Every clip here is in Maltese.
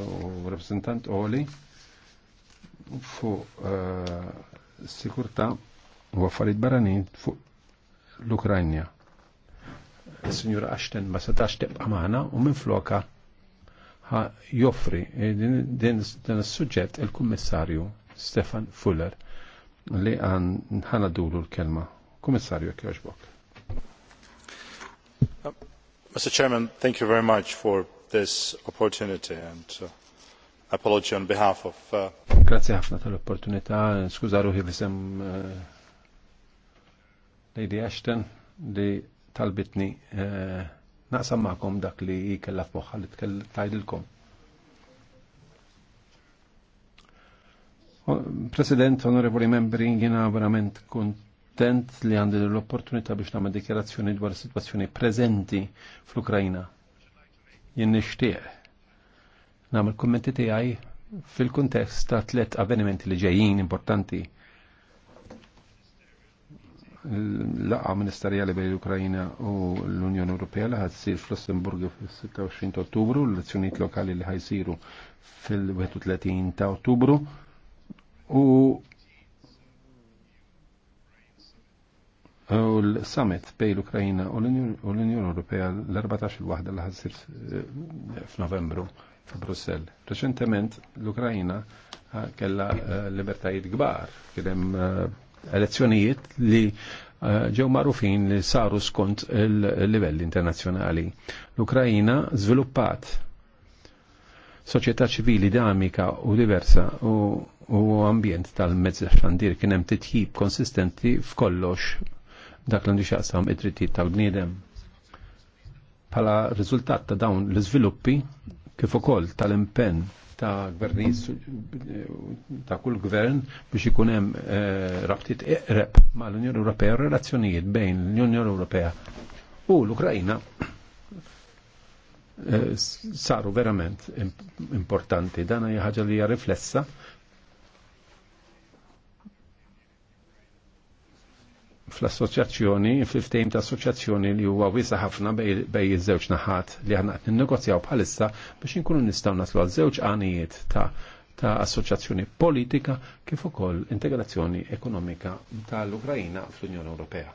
u rappresentant Oli fuq eh, sikurta u għaffarit barranin fuq l-Ukrajna. Signora Ashton ma setax tibqa' magħna u minn floka joffri din s-sujġet il-Kummissarju Stefan Fuller li għan ħana dulu l-kelma. Kummissarju Kjoġbok. Mr. Chairman, thank you very much for this opportunity and uh, apology on behalf of uh... Grazie ħafna tal-opportunità, skuża ruħi fisem uh, Lady Ashton li talbitni uh, naqsam ma'kom dak li kella f'moħħa li tgħidilkom. President, onorevoli membri, jiena verament kontent li għandi l-opportunità biex nagħmel dikjarazzjoni dwar is-sitwazzjoni preżenti fl-Ukrajna jien nixtieq nagħmel kummenti tiegħi fil-kuntest ta' tliet avvenimenti li ġejjin importanti l ministerjali bejn l-Ukrajina u l-Unjoni Ewropea li ħadsir fl-Lussemburgu fil-26 ta' Ottubru, l-elezzjonijiet lokali li ħajsiru fil-31 ta' Ottubru u U l-summit bej l-Ukrajina u l-Unjoni Ewropea l-14 il-waħda ħassir eh, f'Novembru f'Brussell. Reċentement l-Ukrajina eh, kella eh, libertajiet gbar, kien hemm elezzjonijiet li ġew magħrufin li saru skont il-livell internazzjonali. L-Ukrajina żviluppat soċjetà ċivili dinamika u diversa u u ambjent tal-mezz xandir kien hemm titjib konsistenti f'kollox dak l-għandu xaqsam id-drittijiet tal-bniedem. Pala riżultat ta' dawn l-iżviluppi kif ukoll tal-impenn ta' gvernijiet ta' kull gvern biex ikun hemm eh, rabtiet iqreb ma' l-Unjoni Ewropea relazzjonijiet bejn l-Unjoni Ewropea u l-Ukrajna eh, saru verament importanti. Dan hija ħaġa li hija riflessa fl-assoċjazzjoni, fl ftejm ta' assoċjazzjoni li huwa wiesa ħafna bej iż-żewġ naħat li aħna qed ninnegozjaw bħalissa biex inkunu nistgħu naslu għal żewġ għanijiet ta' ta' assoċjazzjoni politika kif ukoll integrazzjoni ekonomika tal-Ukrajina fl-Unjoni Ewropea.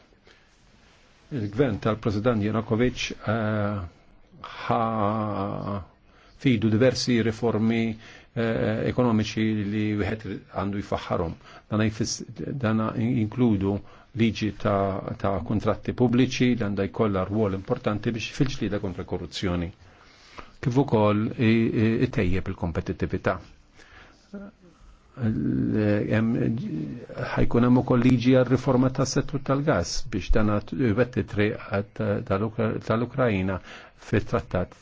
Il-gvern tal-President Janukovic eh, ħa fidu diversi riformi eh, ekonomiċi li wieħed għandu jfaħħarhom. Dana jinkludu liġi ta', ta kontratti pubbliċi li għandha jkollha rwol importanti biex fil-ġlida kontra korruzzjoni. Kif ukoll itejjeb il-kompetittività. Ħajkun hemm ukoll liġi għar-riforma tas-settur tal-gas biex dan wettitri tal ukraina fit-trattat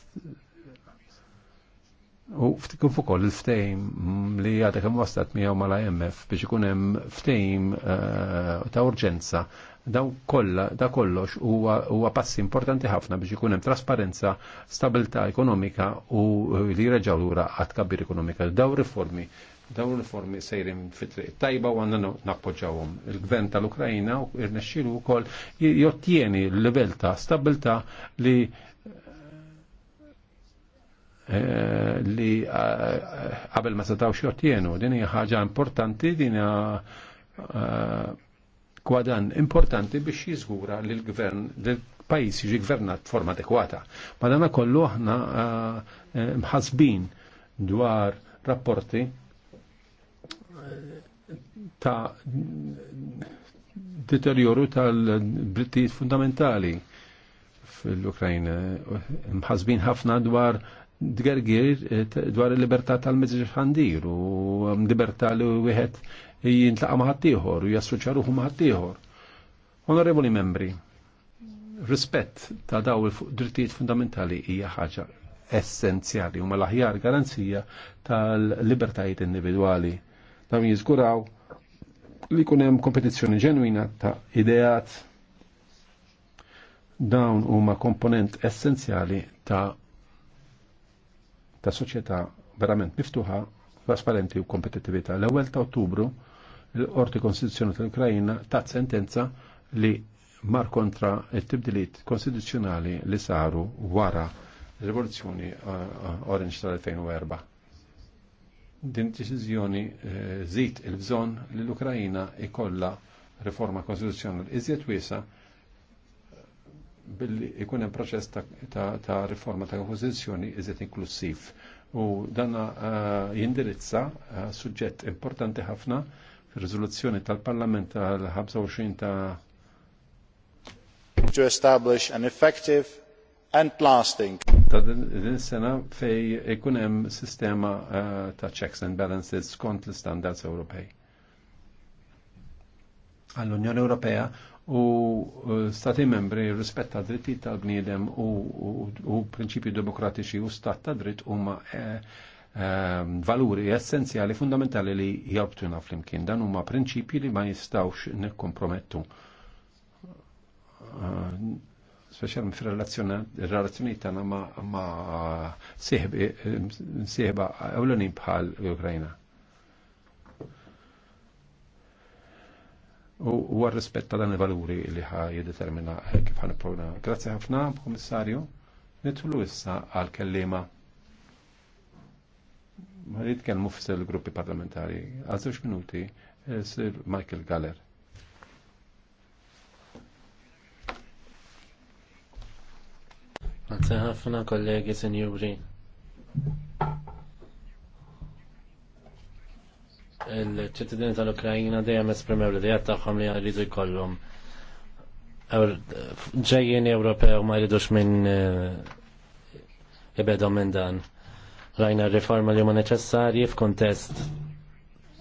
U fuq ukoll il-ftejm li għadek hemm waslat miegħu mal-IMF biex ikun hemm ftejm eh, ta' urġenza daw da kollox huwa passi importanti ħafna biex ikun hemm trasparenza, stabilità ekonomika u li reġgħu lura għad kabbir ekonomika. Daw riformi daw riformi sejrin fit-triq tajba u għandna nappoġġawhom. Il-gvern tal-Ukrajna irnexxielu wkoll jottieni l-livell ta' stabilità li Eh, li eh, qabel ma setaw xortienu. Din hija ħaġa importanti, din hija eh, kwadan importanti biex jiżgura li l-gvern, l-pajis jiġi gvernat forma adekwata. Madana kollu aħna mħasbin dwar rapporti ta' deterioru tal-brittijiet fundamentali fil-Ukrajna. Mħasbin ħafna dwar d dgergir eh, dwar il-libertà tal-mezzi ħandir u um, libertà li wieħed jintlaqa maħattijħor u jassoċjaruħu maħattijħor. Onorevoli membri, rispett ta' daw il-drittijiet fundamentali hija ħaġa essenzjali u mal-aħjar garanzija tal-libertajiet individuali. Dawn jizguraw li kun hemm kompetizzjoni ġenwina ta' ideat dawn huma komponent essenzjali ta' ta' soċjetà verament miftuħa, trasparenti u kompetittività. L-ewwel ta' Ottubru l-Qorti Konstituzzjonali tal-Ukrajina ta' sentenza li mar kontra t-tibdiliet konstituzzjonali li saru wara rivoluzzjoni eh, eh, Orange tal-2004. Din deċiżjoni żid eh, il-bżonn li l-Ukrajina ikolla riforma konstituzzjonali iżjed wiesa' billi ikun hemm proċess ta' riforma ta' oppożizzjoni iżet inklusiv. U danna eh, jindirizza eh, suġġett importanti ħafna fir-riżoluzzjoni tal-Parlament tal-25 ta' to establish an effective and lasting. Ta' din sena fej ikun hemm sistema eh, ta' checks and balances skont l-standards Ewropej. Għall-Unjoni Ewropea u e, stati membri rispetta dritti tal-bniedem u, u, u principi demokratiċi u stat ta' dritt huma e, e, valuri essenzjali fundamentali li na' flimkien dan huma prinċipji li ma jistawx nikkompromettu. Uh, e, speċjalment fir-relazzjoni tagħna ma, ma e, sieħba ewlenin bħal l-Ukrajna. u għar rispetta dan il-valuri li ħa jiddetermina eh, kif ħan il programma Grazie ħafna, komissarju, nitlu issa għal-kellima. Ma rrid kelmu f'sel gruppi parlamentari. Għal Għazux minuti, eh, sir Michael Galler. Grazie ħafna kollegi, senjuri. il-ċittadini tal-Ukrajina dejjem esprimew li dejjem tagħhom li jridu jkollhom ġejjin Ewropew ma jridux minn jibedhom eh, minn dan. Rajna r-riforma li huma neċessarji f'kuntest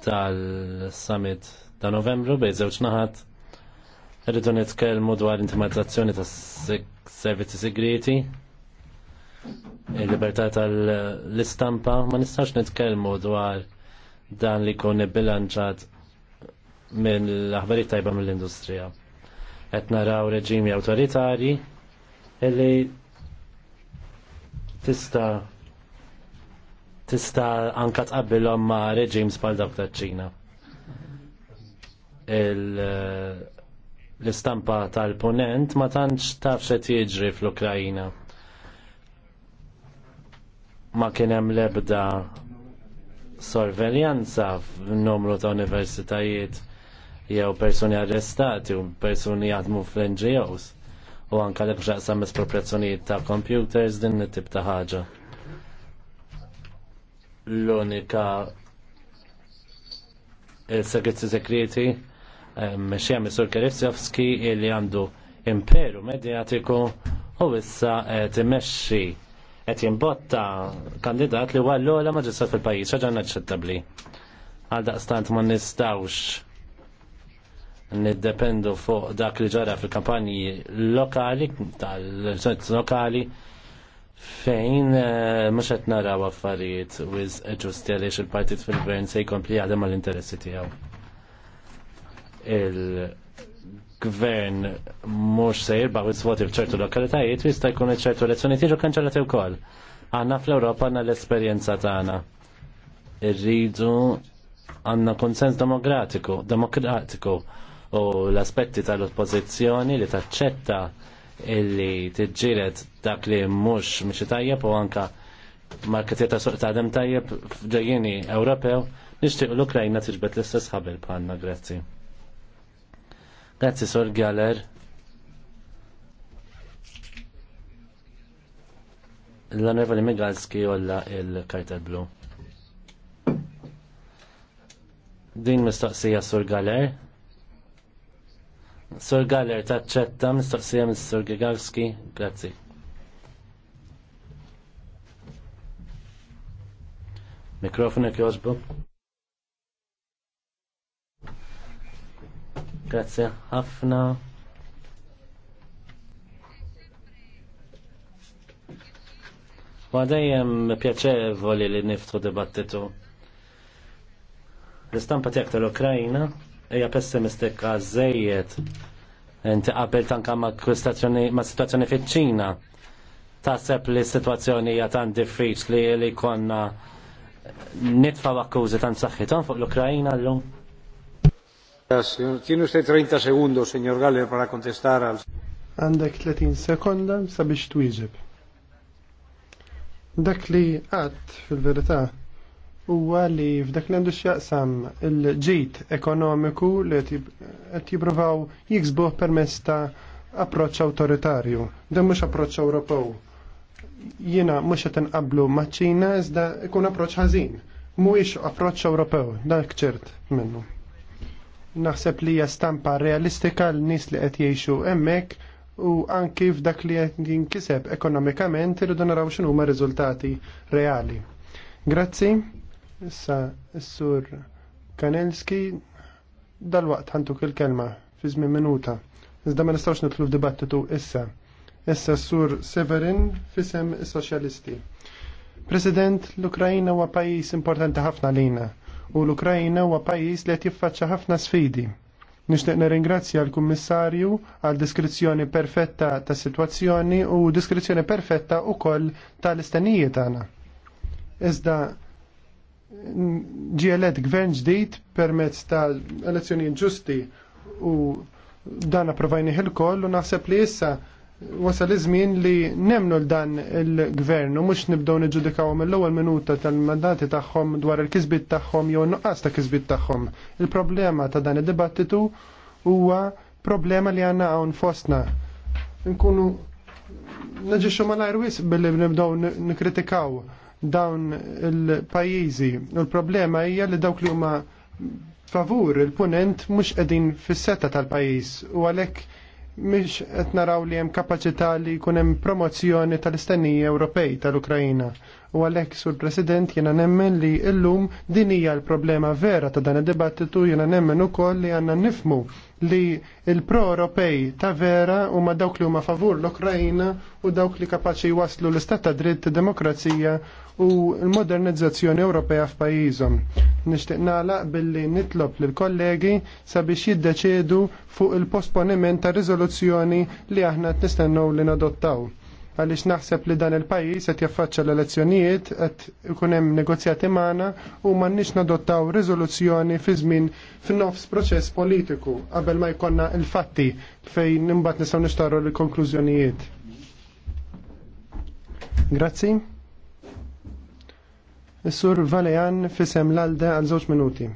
tal-summit ta' Novembru bej żewġ naħat rridu nitkellmu dwar intimatizzazzjoni tas servizzi segreti, il-libertà tal-istampa, ma nistax nitkellmu dwar dan li kun bilanċat minn l-aħbarijiet tajba mill-industrija. Qed naraw reġimi awtoritarji illi tista tista anka tqabbilhom ma' reġim bħal dawk taċ-Ċina. Eh, l-istampa tal-ponent ma tantx taf se jiġri fl-Ukrajina. Ma kien hemm l-ebda sorveljanza f'numru ta' universitajiet jew persuni arrestati u persuni jaħdmu fl-NGOs u anka l xaqsam espropriazzjonijiet ta' computers din it-tip ta' ħaġa. L-unika il-segretzi sekreti ehm, mexija Misur il li għandu imperu medjatiku u issa timmexxi qed jimbotta kandidat li huwa l-ogħla maġistrat fil-pajjiż, ħaġa naċċettabbli. Għal daqstant ma nistgħux niddependu fuq dak li ġara fil-kampanji lokali tal-elezzjoni lokali fejn eh, mhux qed naraw affarijiet wiz ġusti għaliex il-partit fil-gvern se jkompli jaħdem mal interessi tiegħu gvern mhux se u s voti f'ċertu lokalitajiet jista' jkun ċertu elezzjoni tiġu kanċellati wkoll. Aħna fl-Ewropa għandna l-esperjenza tagħna. Irridu għandna konsens demokratiku, demokratiku u l-aspetti tal-oppożizzjoni li taċċetta illi tiġġieled dak li mhux mhix tajjeb u anka marketiet ta' suq tajjeb f'ġejjeni Ewropew nixtieq l-Ukrajna tiġbed l-istess ħabel bħalna, grazzi. Grazie, Sor Galler. l onorevole Migalski olla il-Kartel Blu. Din mistoqsija Sur Galler. Sur Galler taċċetta mistoqsija mis-Sur Gigalski. Grazzi. Mikrofonu kjożbu. Grazie ħafna. Ma dejjem pjaċevoli li niftu dibattitu. L-istampa tiegħek tal-Ukrajna hija pessimistika żejjed. Inti qabel tanka ma' situazzjoni fiċ-Ċina. Taħseb li s-sitwazzjoni hija tant diffiċli li konna nitfa' akkużi tant saħħithom fuq l-Ukrajna llum. Tiene 30 segundos, signor Galler, para contestar al... Għandek 30 sekonda sabiex twizib. Dak li għat fil-verità huwa li f'dak li għandu x'jaqsam il-ġit ekonomiku li qed jippruvaw jiksbuh permezz ta' approċċ awtoritarju. Dan mhux approċċ Ewropew. Jiena mhux qed inqablu maċ-Ċina iżda ikun approċċ ħażin. Mhuwiex approċċ Ewropew, dak ċert minnu. Naħseb li hija stampa realistika l nies li qed jgħixu hemmhekk u anki f'dak li qed jinkiseb ekonomikament irridu naraw x'inhu huma riżultati reali. Grazzi. Issa s-sur Kanelski dal-waqt ħantuk il-kelma fi żmien minuta. Iżda ma nistgħux nidħlu f'dibattitu issa. Issa s-sur Severin fisem is-Soċjalisti. President, l-Ukrajna huwa pajjiż importanti ħafna lina u l-Ukrajina huwa pajjiż li qed jiffaċċa ħafna sfidi. Nixtieq nirringrazzja l-Kummissarju għal diskrizzjoni perfetta tas sitwazzjoni u diskrizzjoni perfetta wkoll tal-istennijiet tagħna. Iżda ġielet gvern ġdid permezz ta' elezzjonijiet ġusti u dan approvajni il-koll u naħseb li issa wasal iż-żmien li nemnu l-dan il-gvern u mhux nibdew niġġudikaw mill-ewwel minuta tal-mandati tagħhom dwar il-kisbit tagħhom jew nuqqas ta' kisbit tagħhom. Il-problema ta' dan id-dibattitu huwa problema li għandna hawn fostna. Nkunu naġixxu malajr wis billi nibdew nikkritikaw dawn il-pajjiżi. U l-problema hija li dawk li huma favur il-punent mhux qegħdin fis-seta tal-pajjiż u għalhekk mhix qed naraw li hemm kapaċità li jkun hemm promozzjoni tal istennija Ewropej tal-Ukrajina. U għalhekk sur President jiena nemmen li llum din hija l-problema vera ta' dan id-dibattitu jiena nemmen ukoll li għandna nifmu li il-pro-Europej ta' vera u ma' dawk li huma favur l ukrajina u dawk li kapaċi waslu l-istat ta' dritt demokrazija u l-modernizzazzjoni Ewropea f'pajjiżhom. Nixtieq nagħlaq billi nitlob lil kollegi sabiex jiddeċedu fuq il-posponiment ta' riżoluzzjoni li aħna nistennew li nadottaw għaliex naħseb li dan il-pajjiż qed jaffaċċa l-elezzjonijiet qed ikun hemm negozjati magħna u m'għandniex nadottaw riżoluzzjoni fi żmien f'nofs proċess politiku qabel ma jkollna l-fatti fejn imbagħad nistgħu nixtaru l-konklużjonijiet. Grazzi. Is-sur Valejan fisem l-alde għal żewġ minuti.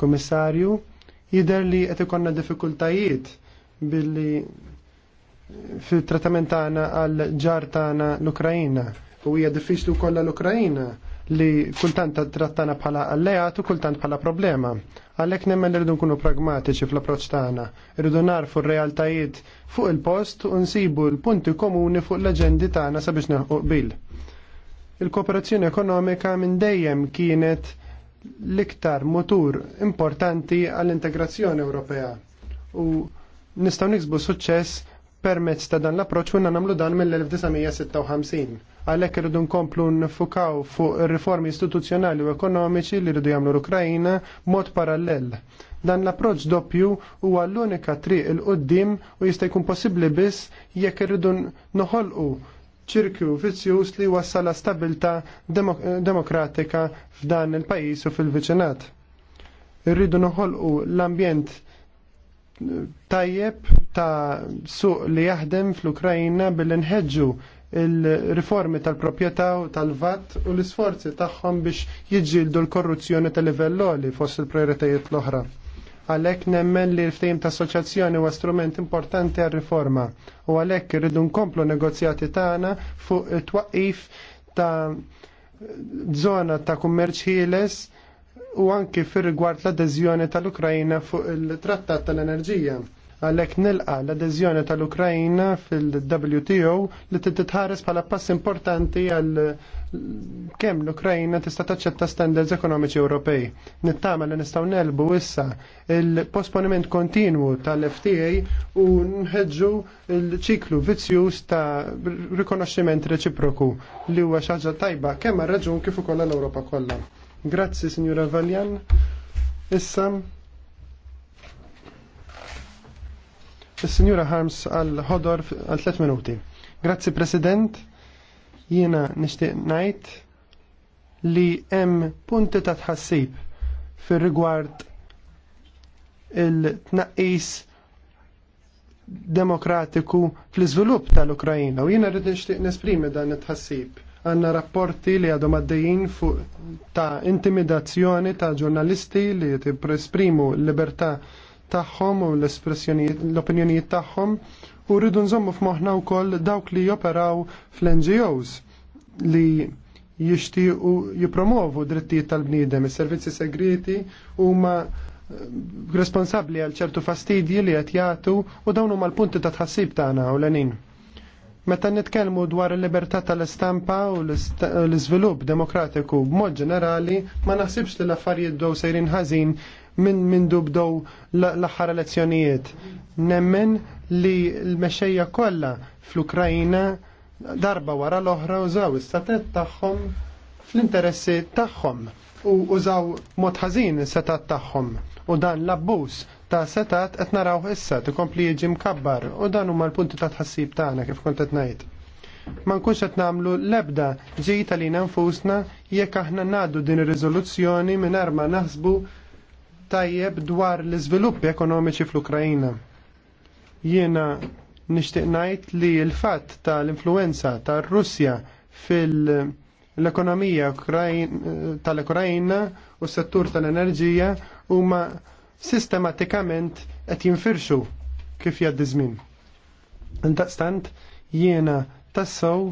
Komissarju, jider li qed ikollna diffikultajiet billi fil-trattament tagħna għal ġar tagħna l ukraina U hija diffiċli wkoll l ukraina li kultant trattana bħala alleat u kultant bħala problema. Għalhekk nemmen irridu nkunu pragmatiċi fl-approċċ tagħna. Irridu narfu r-realtajiet fuq il-post u nsibu l-punti komuni fuq l-aġendi tagħna sabiex neħu qbil. Il-kooperazzjoni ekonomika minn dejjem kienet l-iktar motur importanti għall-integrazzjoni Ewropea. U nistgħu niksbu suċċess permezz ta' dan l-approċ kunna namlu dan mill-1956. Għalhekk irridu nkomplu nfukaw fuq riformi istituzzjonali u ekonomiċi li rridu jagħmlu l ukraina mod parallel. Dan l-approċ doppju huwa l-unika triq il-qoddim u jista' jkun possibbli biss jekk irridu noħolqu ċirkju vizzjuż li wassal la stabilta demok demokratika f'dan il-pajjiż u fil-viċinat. Irridu noħolqu l-ambjent tajjeb ta' suq li jaħdem fl ukrajina billi nħeġġu il-riformi tal-propieta u tal-vat u l-isforzi tagħhom biex jiġġieldu l-korruzzjoni tal-livell li fost il-prioritajiet l-oħra. Għalhekk nemmen li l-ftehim ta' assoċjazzjoni huwa strument importanti għar-riforma u għalhekk irridu nkomplu negozjati tagħna fuq it-twaqqif ta' zona ta' kummerċ ħieles u anki fir rigward l-adeżjoni tal ukrajina fuq il-Trattat tal-Enerġija. Għalek nilqa l-adeżjoni tal ukrajina fil-WTO li titħares bħala pass importanti għal kemm l ukrajina tista' taċċetta standards ekonomiċi Ewropej. Nittama li nistgħu nelbu issa il-posponiment kontinwu tal-FTA u nħeġġu l-ċiklu vizzjuż ta' rikonoxximent reċiproku li huwa xi ħaġa tajba kemm raġun kif ukoll l-Ewropa kollha. Grazzi, Signora Valjan. Issa, il-signora Harms għal-ħodor għal 3 minuti. Grazzi, President. Jiena nixtieq ngħid li hemm punti ta' tħassib fir-rigward il-tnaqqis demokratiku fl-iżvilupp tal-Ukrajina u jiena rrid nixtieq nesprimi dan it-tħassib għanna rapporti li għadhom għaddejjin fuq ta' intimidazzjoni ta' ġurnalisti li t l-libertà tagħhom u l-opinjonijiet tagħhom u rridu nżommu f'moħħna wkoll dawk li joperaw fl-NGOs li jixtiequ jipromovu drittijiet tal-bniedem, is-servizzi segreti huma eh, responsabbli għal ċertu fastidji li qed jagħtu u dawn huma l-punti ta' tħassib tagħna u l Meta nitkellmu dwar il-libertà tal-istampa u l-iżvilupp demokratiku b'mod ġenerali, ma naħsibx li l-affarijiet bdew sejrin ħażin minn min bdew l-aħħar elezzjonijiet. Nemmen li l mexejja kollha fl-Ukrajna darba wara l-oħra użaw is is-satet tagħhom fl-interessi tagħhom u użaw mod ħażin is-setat tagħhom u dan l-abbuż ta' setat qed narawh issa tikompli jiġi mkabbar u dan huma l-punti ta' tħassib tagħna kif kont qed ngħid. Ma nkunx qed nagħmlu l-ebda ġejta lina nfusna jekk aħna ngħaddu din ir-riżoluzzjoni mingħajr ma naħsbu tajjeb dwar l-iżviluppi ekonomiċi fl-Ukrajina. Jiena nixtieq ngħid li l-fatt tal-influenza tar-Russja fil- l-ekonomija tal ukraina u s-settur tal-enerġija huma sistematikament qed jinfirxu kif jgħaddi żmien. Intaqstant jiena tassew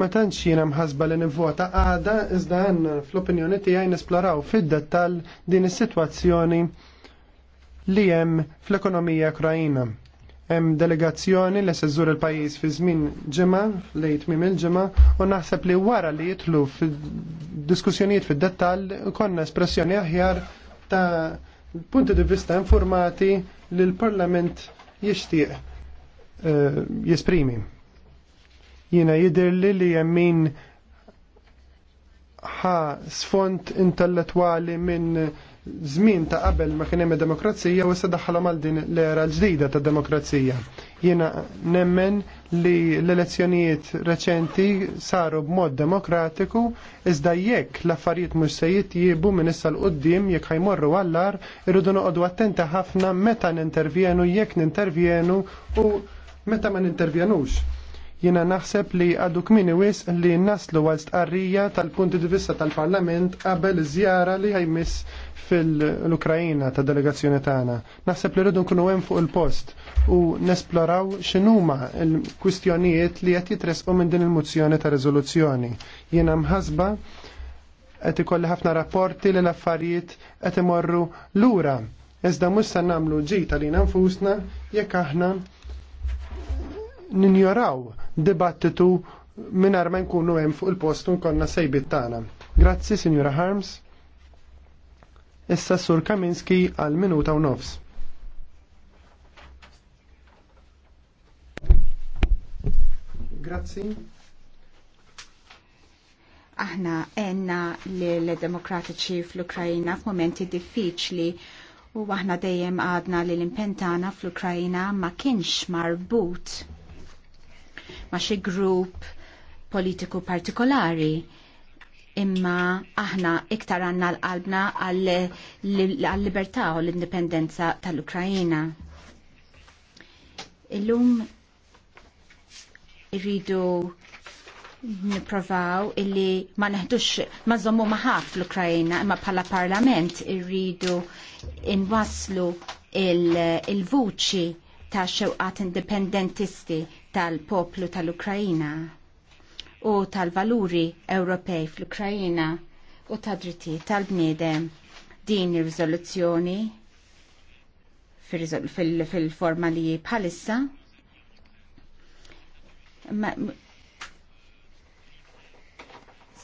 ma tantx jiena mħasba li nivvota għada iżda għandna fl-opinjoni tiegħi nisploraw fid-dettall din is-sitwazzjoni li hemm fl-ekonomija Ukrajina. Hemm delegazzjoni li se żżur il-pajjiż fi żmien ġimgħa lejt mim il-ġimgħa u naħseb li wara li jitlu fid-diskussjonijiet fid-dettall konna espressjoni aħjar ta' punti di vista informati li l-Parlament jixtieq eh, jesprimi. Jiena jidher li jemmin ħa sfond intellettwali minn żmien ta' qabel ma kien hemm demokrazija u issa daħħalhom għal din l-era l-ġdida ta' demokrazija. Jiena nemmen li l-elezzjonijiet reċenti saru b'mod demokratiku iżda jekk l-affarijiet mhux se jitjiebu minn issa l-qudiem jekk ħajmorru għallar irridu noqogħdu attenti ħafna meta nintervjenu jekk nintervjenu u meta ma nintervjenux Jiena naħseb li għadu kmini wis li naslu għal stqarrija tal-punti di vista tal-Parlament qabel żjara li għajmis fil-Ukrajina ta' delegazzjoni tagħna. Naħseb li rridu nkunu hemm fuq il-post u nesploraw x'inhuma l-kwistjonijiet li qed jitresqu minn din il-mozzjoni ta' riżoluzzjoni. Jiena mħasba qed ikolli ħafna rapporti li l-affarijiet qed imorru lura. Iżda mhux se nagħmlu ġita li nfusna jekk aħna ninjoraw dibattitu minar ma nkunu hemm fuq il-post nkonna sejbit tagħna. Grazzi, Sinjura Harms. Issa Sur Kaminski għal minuta u nofs. Grazzi. Aħna enna l-demokratiċi fl-Ukrajina f'momenti diffiċli u aħna dejjem għadna li l-impentana fl-Ukrajina ma kienx marbut ma' xi grupp politiku partikolari imma aħna iktar għanna l-qalbna għall-libertà u l-indipendenza tal-Ukrajina. Illum irridu niprovaw illi ma neħdux ma zommu maħaf l-Ukrajina imma bħala parlament irridu inwaslu il-vuċi il ta' xewqat indipendentisti tal-poplu tal-Ukrajina u tal-valuri Ewropej fl-Ukrajina u tad-drittijiet tal-bniedem din ir-riżoluzzjoni fil-forma li bħalissa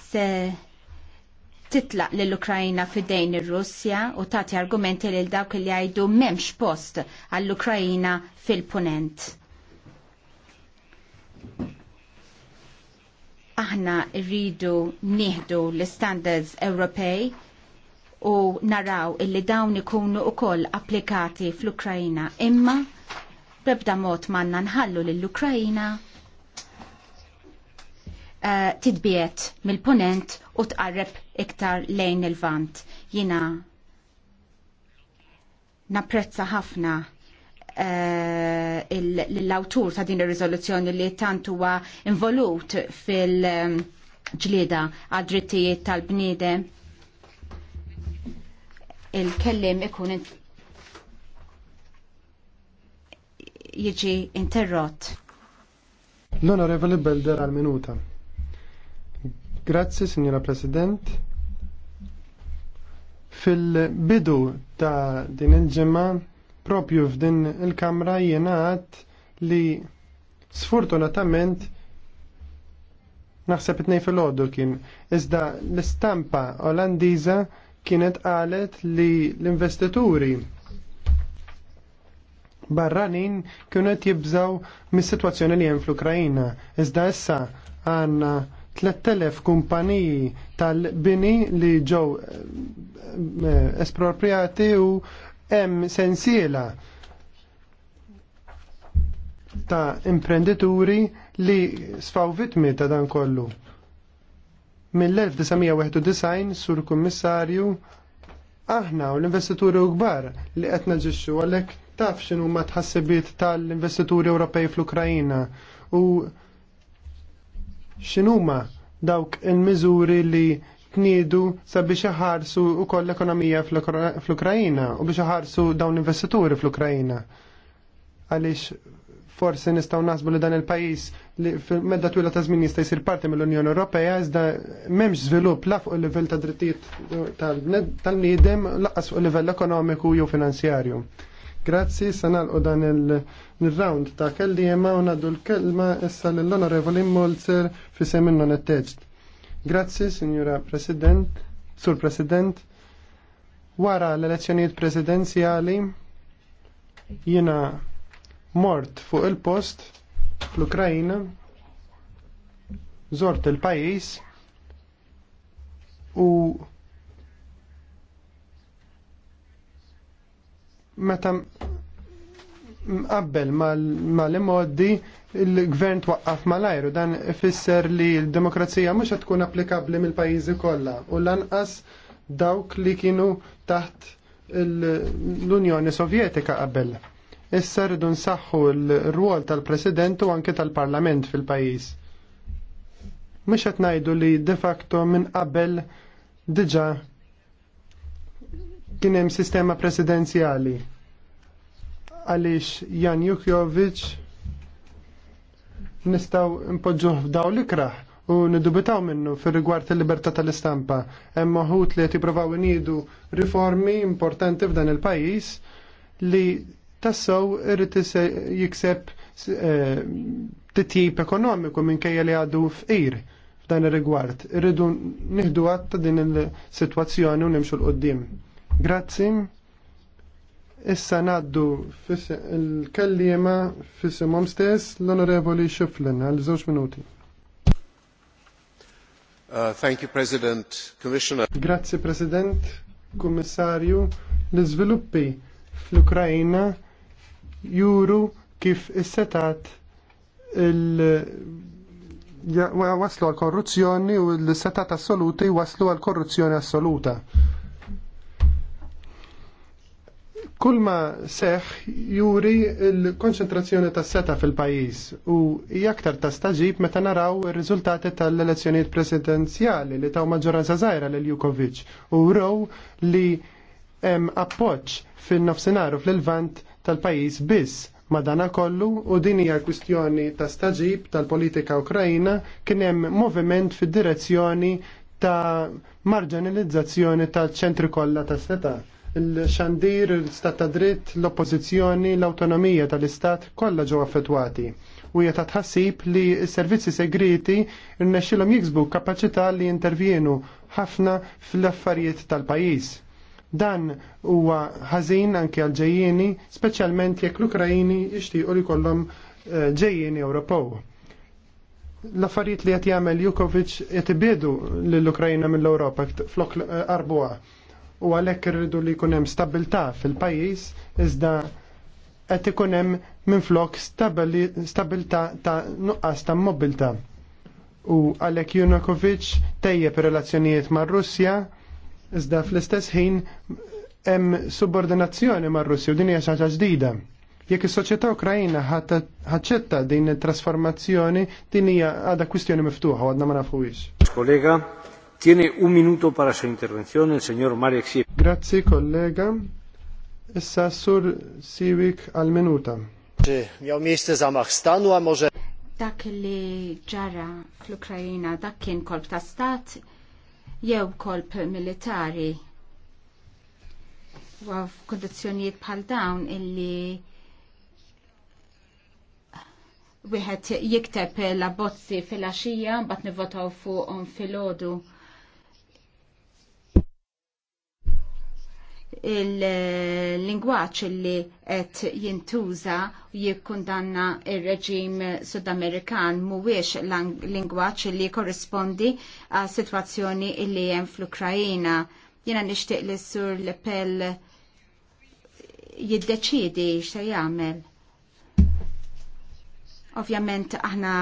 se titlaq l-Ukrajina fidejn ir-Russja u tagħti argumenti lil dawk li jgħidu m'hemmx post għall-Ukrajina fil-punent. aħna rridu nieħdu l-standards Ewropej u naraw illi dawn ikunu ukoll applikati fl-Ukrajina imma b'ebda mod manna nħallu lill-Ukrajina uh, eh, tidbiet mill-ponent u tqarreb iktar lejn il-vant. Jina napprezza ħafna Eh, l-autur ta' din ir-riżoluzzjoni li tant huwa involut fil-ġlieda għad-drittijiet tal bniede il-kellim ikun jiġi interrott. L-Onorevoli Belder għal-minuta. Grazzi, Signora President. Fil-bidu ta' din il-ġemma propju f'din il-kamra jenat li sfortunatament naħseb it-nej fil-ħoddu kien. Iżda l-istampa olandiza kienet qalet li l-investituri barranin kienet jibżaw mis situazzjoni li jen fl-Ukrajina. Iżda issa għanna 3000 kumpaniji tal-bini li ġew eh, eh, espropriati u hemm sensiela ta' imprendituri li sfaw vitmi ta' dan kollu. Mill-1991 sur kummissarju aħna u l-investituri kbar li qed naġixxu għalhekk taf x'inhu ma tħassibiet tal-investituri Ewropej fl-Ukrajina u x'inhuma dawk il-miżuri li tniedu sabiex iħarsu wkoll l-ekonomija fl-Ukrajina u biex iħarsu dawn investituri fl-Ukrajina. Għaliex forsi nistgħu nasbu li dan il-pajjiż li fil-medda twila ta' żmien jista' jsir parti mill-Unjoni Ewropea iżda m'hemmx żvilupp la fuq il-livell ta' drittijiet tal-niedem laqas fuq il-livell ekonomiku jew finanzjarju. Grazzi, u dan il-round ta' kelliema u naddu l-kelma issa l-onorevoli Molzer fi semin non teġt. Grazzi, Signora President, Sur President. Wara l-elezzjonijiet presidenziali jiena mort fuq il-post fl ukrajina zort il-pajis u meta mqabbel mal-imoddi mal imoddi il-gvern twaqqaf malajru dan ifisser li l-demokrazija mhux qed tkun applikabbli mill-pajjiżi kollha u lanqas dawk li kienu taħt l-Unjoni Sovjetika qabel. Issa rridu nsaħħu l-rwol tal-President u anke tal-Parlament fil-pajjiż. Mhux qed ngħidu li de facto minn qabel diġà kien hemm sistema presidenzjali għaliex Jan Jukjovic nistaw impoġuħ f'daw l-ikraħ u nidubitaw minnu fir rigward il-libertà tal-istampa. Hemm moħut li qed jippruvaw riformi importanti f'dan il-pajjiż li tassow irrit jikseb eh, titjib ekonomiku minkejja li għadu f'qir f'dan ir-rigward. Irridu nihdu għatta din il-sitwazzjoni u nimxu l-qoddim. Grazzi. Issa naddu il-kellima fissimom stess l-Onorevoli Xiflin għal żewġ minuti. Uh, thank you, President, Commissioner. Grazie, President, Kommissarju. L-izviluppi fl ukrajina juru kif is-setat il- waslu għal korruzzjoni u l-setat assoluti waslu għal korruzzjoni assoluta. Kull ma seħ juri l-konċentrazzjoni ta' seta fil-pajis u jaktar ta' staġib meta naraw il-riżultati tal-elezzjonijiet presidenziali li taw maġġoranza zaħira l-Jukovic u row li em appoċ fil-nofsinaru fil vant tal-pajis biss dana kollu u din hija kwistjoni ta' staġib tal-politika Ukrajina kien hemm moviment fid-direzzjoni ta' marġinalizzazzjoni tal-ċentri kollha tas-seta' il-xandir, l-istat ta' dritt, l-oppozizjoni, l-autonomija tal-istat kollha ġew affettwati. U jeta ta' tħassib li s-servizzi segreti rnexxilhom jiksbu kapaċità li intervjenu ħafna fl-affarijiet tal-pajjiż. Dan huwa ħażin anke għal ġejjieni, speċjalment jekk l-Ukrajini jixtiequ li kollhom eh, ġejjieni Ewropew l-affarijiet li qed jagħmel Jukovic qed ibiedu lill ukraina mill-Ewropa flok eh, arbuha u għalhekk irridu li jkun hemm stabilità fil-pajjiż iżda qed ikun hemm minflok stabilità ta' nuqqas ta' mobilità. U għalhekk Junakovic tejjeb relazzjonijiet mar-Russja iżda fl-istess ħin hemm subordinazzjoni mar-Russja u din hija xi ħaġa ġdida. Jekk is-soċjetà Ukraina ħaċċetta din it-trasformazzjoni, din hija għadha kwistjoni miftuħa u għadna ma nafuhiex. Kollega, Tiene un minuto para su intervención el señor Marek Sivik. Grazie collega. sur al minuta. Miał miejsce zamach stanu, a może... Dak li ġara fl-Ukrajina dak kien kolp ta' stat jew kolp militari. għaf kondizjoniet bħal dawn illi wieħed jikteb la bozzi fil axija bat nivvotaw fuqom fil ħodu il-lingwaċ li qed jintuża jikkundanna il reġim Sudamerikan mhuwiex lingwaċ li korrispondi għal sitwazzjoni li hemm fl-Ukrajina. Jiena nixtieq li sur Lepel jiddeċidi x'se jagħmel. Ovvjament aħna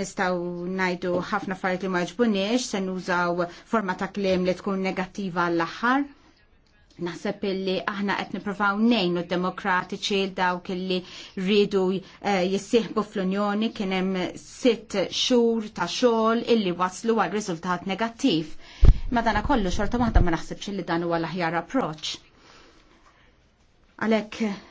nistaw najdu ħafna affarijiet li ma sen se nużaw forma ta' kliem li tkun negattiva għall-aħħar Naħseb illi aħna qed nippruvaw d demokratiċi l dawk illi rridu eh, jissieħbu fl-Unjoni kien hemm sitt xhur ta' xogħol illi waslu għal riżultat negattiv. Madana kollu xorta waħda ma naħsibx illi dan huwa l-aħjar approċċ. Għalhekk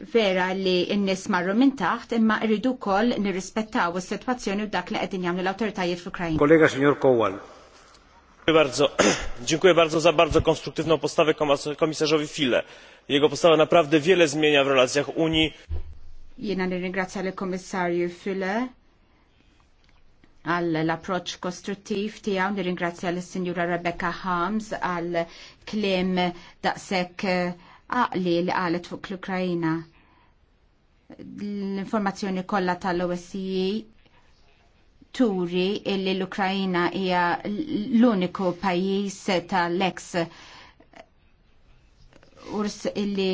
vera li n-nis marru minn taħt imma rridu wkoll nirrispettaw is situazzjoni u dak li qegħdin jagħmlu l-awtoritajiet fl-Ukrajna. Kollega Signor Kowal. Dziękuję bardzo za bardzo konstruktywną postawę komisarzowi File. Jego postawa naprawdę wiele zmienia w relacjach Unii. Jena nirringrazzja l komissarju File għall l-approċ kostruttiv tiegħu nirringrazzja l-Sinjura Rebecca Hams għall kliem daqshekk eh, għaqli li qalet fuq l-Ukrajina l-informazzjoni kollha tal-OSCE turi illi l-Ukrajina hija l-uniku pajjiż tal-ex urs illi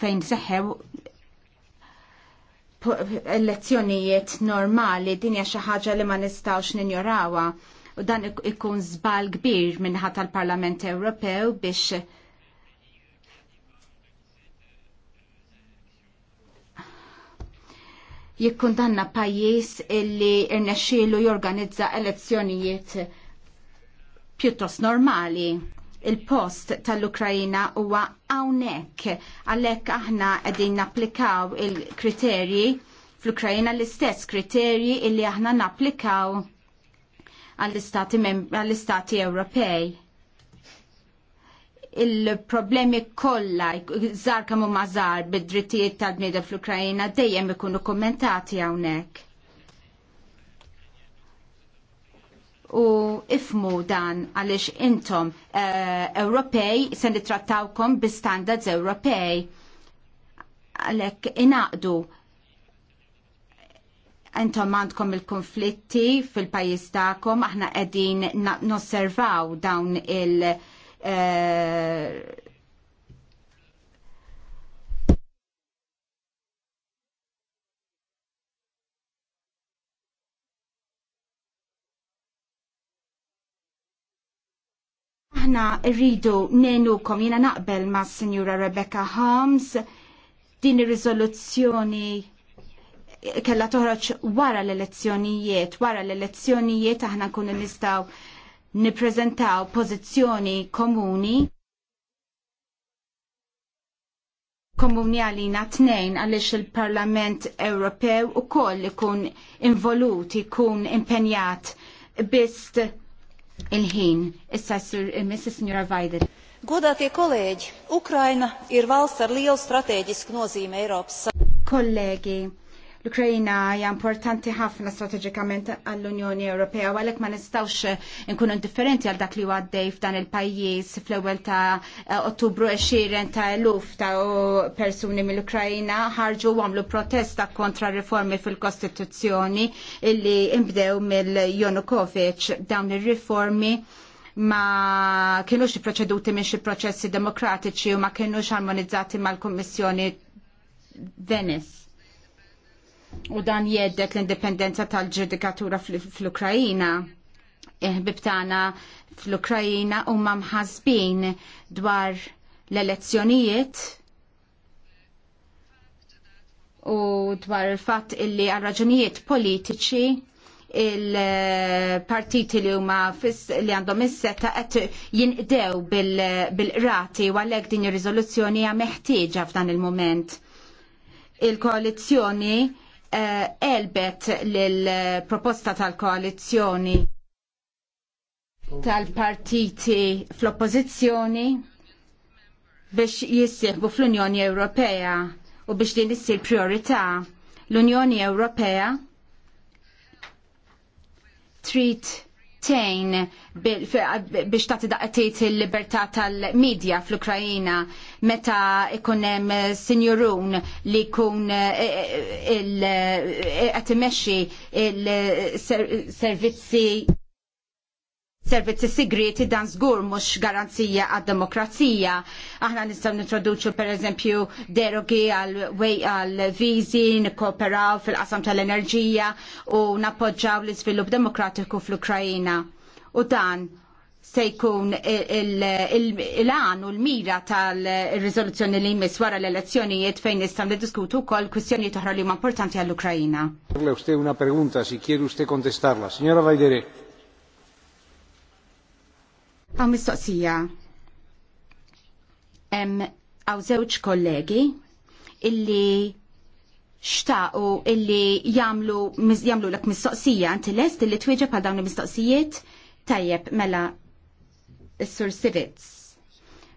fejn seħew elezzjonijiet normali din hija xi ħaġa li ma nistgħux ninjorawha u dan ikun żball kbir minħat tal-Parlament Ewropew biex jikkundanna pajjiż illi irnexxielu jorganizza elezzjonijiet pjuttost normali. Il-post tal-Ukrajina huwa hawnhekk għalhekk aħna qegħdin napplikaw il-kriterji fl-Ukrajina l-istess kriterji illi aħna napplikaw għall-istati Ewropej il-problemi kollha zar kamu huma żgħar bid-drittijiet tal-bniedem fl-Ukrajina dejjem ikunu kommentati hawnhekk. u ifmu dan għaliex intom uh, Ewropej se nitrattawkom bi standards Ewropej għalhekk inaqdu intom għandkom il-konflitti fil-pajis ta'kom, aħna qegħdin nosservaw dawn il- Eh, aħna rridu nenukom jina naqbel ma' Signora Rebecca Holmes din ir-riżoluzzjoni kella toħroġ wara l-elezzjonijiet, wara l-elezzjonijiet aħna nkunu nistgħu niprezentaw pozizjoni komuni komuni għalina tnejn għalix il-Parlament Ewropew u koll ikun involut, ikun impenjat bist il-ħin. Issa eh, Mrs. Signora Vajder. Godati kolēģi, Ukraina ir valsts ar lielu stratēģisku nozīmi Eiropas. L-Ukrajina hija importanti ħafna strateġikament għall-Unjoni Ewropea u għalhekk ma nistgħux nkunu indifferenti għal dak li għaddej f'dan il-pajjiż fl-ewwel ta' Ottubru 20 ta' eluf ta' persuni mill-Ukrajina ħarġu għamlu protesta kontra riformi fil-Kostituzzjoni illi imbdew mill-Jonukovic dawn ir-riformi ma kienux proċeduti minn xi proċessi demokratiċi u ma kienux armonizzati mal-Kummissjoni Venice u dan jeddet l-indipendenza tal-ġudikatura fl-Ukrajina. Eh, bibtana fl-Ukrajina u mamħazbin dwar l-elezzjonijiet u dwar il-fat illi għal-raġunijiet politiċi il-partiti li huma li għandhom is-seta qed jinqdew bil-qrati bil u għalhekk din ir-riżoluzzjoni hija meħtieġa f'dan il-mument. Il-koalizzjoni Eh, elbet l-proposta tal-koalizjoni tal-partiti fl-oppozizjoni biex jissieħbu fl-Unjoni Ewropea u biex din issir priorità l-Unjoni Ewropea trid tejn biex tagħti daqatit il-libertà tal-medja fl-Ukrajina meta ikun hemm sinjurun li jkun eh, eh, eh, qed imexxi il-servizzi servizzi segreti dan żgur mhux garanzija għad-demokrazija. Aħna nistgħu nintroduċu pereżempju derogi għal viżi, nikkooperaw fil-qasam tal-enerġija u nappoġġaw l-iżvilupp demokratiku fl-Ukrajina. U dan se jkun il-għan u l-mira tal-rizoluzzjoni li jmiss wara l-elezzjonijiet fejn nistam li diskutu kol oħra toħra li ma importanti għall-Ukrajina. Usted una pregunta, si Signora Vajderi. Għaw mistoqsija. Għaw zewċ kollegi illi xtaqu illi jamlu, jamlu l-ek mistoqsija għanti l-est illi twieġa pa dawn mistoqsijiet tajjeb mela s-sur Sivitz.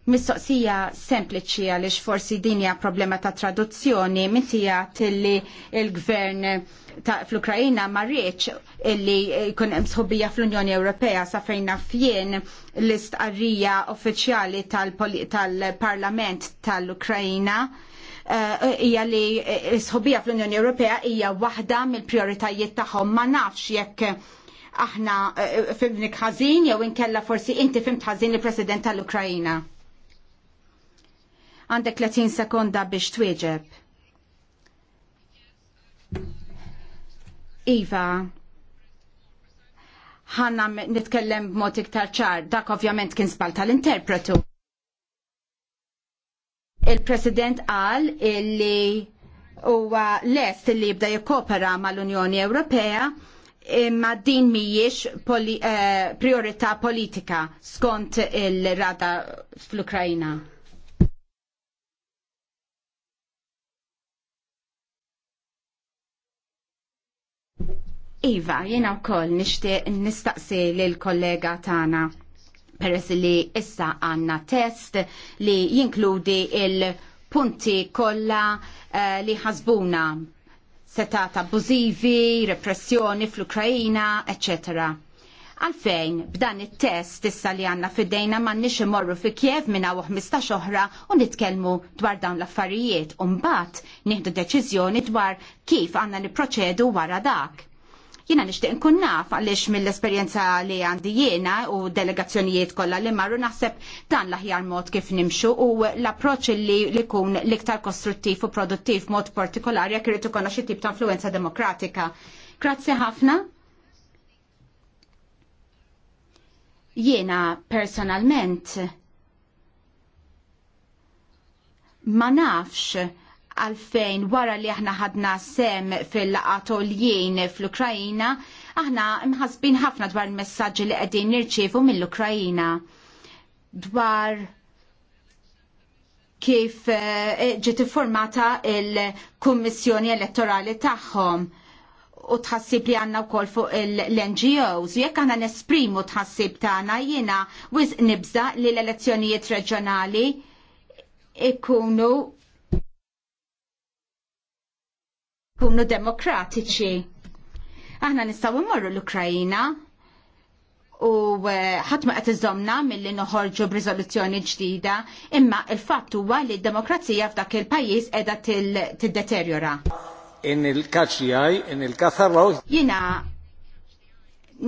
Mistoqsija sempliċi għaliex forsi din hija problema ta' traduzzjoni minn tijat il gvern fl-Ukrajina ma rridx illi jkun hemm sħubija fl-Unjoni Ewropea sa fejna jien l-istqarrija uffiċjali tal-Parlament tal-Ukrajina eh, hija li l-sħubija fl-Unjoni Ewropea hija waħda mill prijoritajiet tagħhom ma nafx jekk aħna eh, fimnik ħażin jew inkella forsi inti fimt ħażin il-President tal-Ukrajina. Għandek 30 sekonda biex twieġeb. Iva, ħanna nitkellem b'mod iktar ċar, dak ovvjament kien spal tal-interpretu. Il-President qal illi huwa lest illi jibda jikkopera mal-Unjoni Ewropea imma din mhijiex poli, eh, priorità politika skont il-rada fl ukraina Iva, jena u koll nishtiq nistaqsi l-kollega tana peress li issa għanna test li jinkludi il-punti kolla uh, li ħasbuna setat abbużivi, repressjoni fl-Ukrajina, eccetera għalfejn b'dan it-test issa li għanna fidejna ma nix imorru fi Kiev minna u 15 oħra u nitkellmu dwar dawn l-affarijiet u mbagħad nieħdu deċiżjoni dwar kif għandna niproċedu wara dak. Jiena nixtieq nkun naf għaliex mill-esperjenza li għandi jiena u delegazzjonijiet kollha li marru naħseb dan l-aħjar mod kif nimxu u l-approċċ li jkun l-iktar kostruttiv u produttiv mod partikolari jekk irid ikollna xi tip ta' influenza demokratika. Grazzi ħafna. Jiena personalment ma nafx għalfejn wara li aħna ħadna sem fil-atoljien fl-Ukrajina, aħna mħasbin ħafna dwar il-messagġi li qegħdin nirċievu mill-Ukrajina dwar kif eh, ġiet formata il-Kummissjoni Elettorali tagħhom u tħassib li għanna u koll fuq l-NGOs. Jekk għanna nesprimu tħassib tagħna jiena wiz nibza li l-elezzjonijiet reġjonali ikunu kunu demokratiċi. Aħna nistaw immorru l-Ukrajina u eh, ħatma qed iżomna milli noħorġu b'riżoluzzjoni ġdida, imma il-fatt huwa li d-demokrazija f'dak il-pajjiż qiegħda tiddeteriora. In il-kaċjaj, in il-katharraw. Jina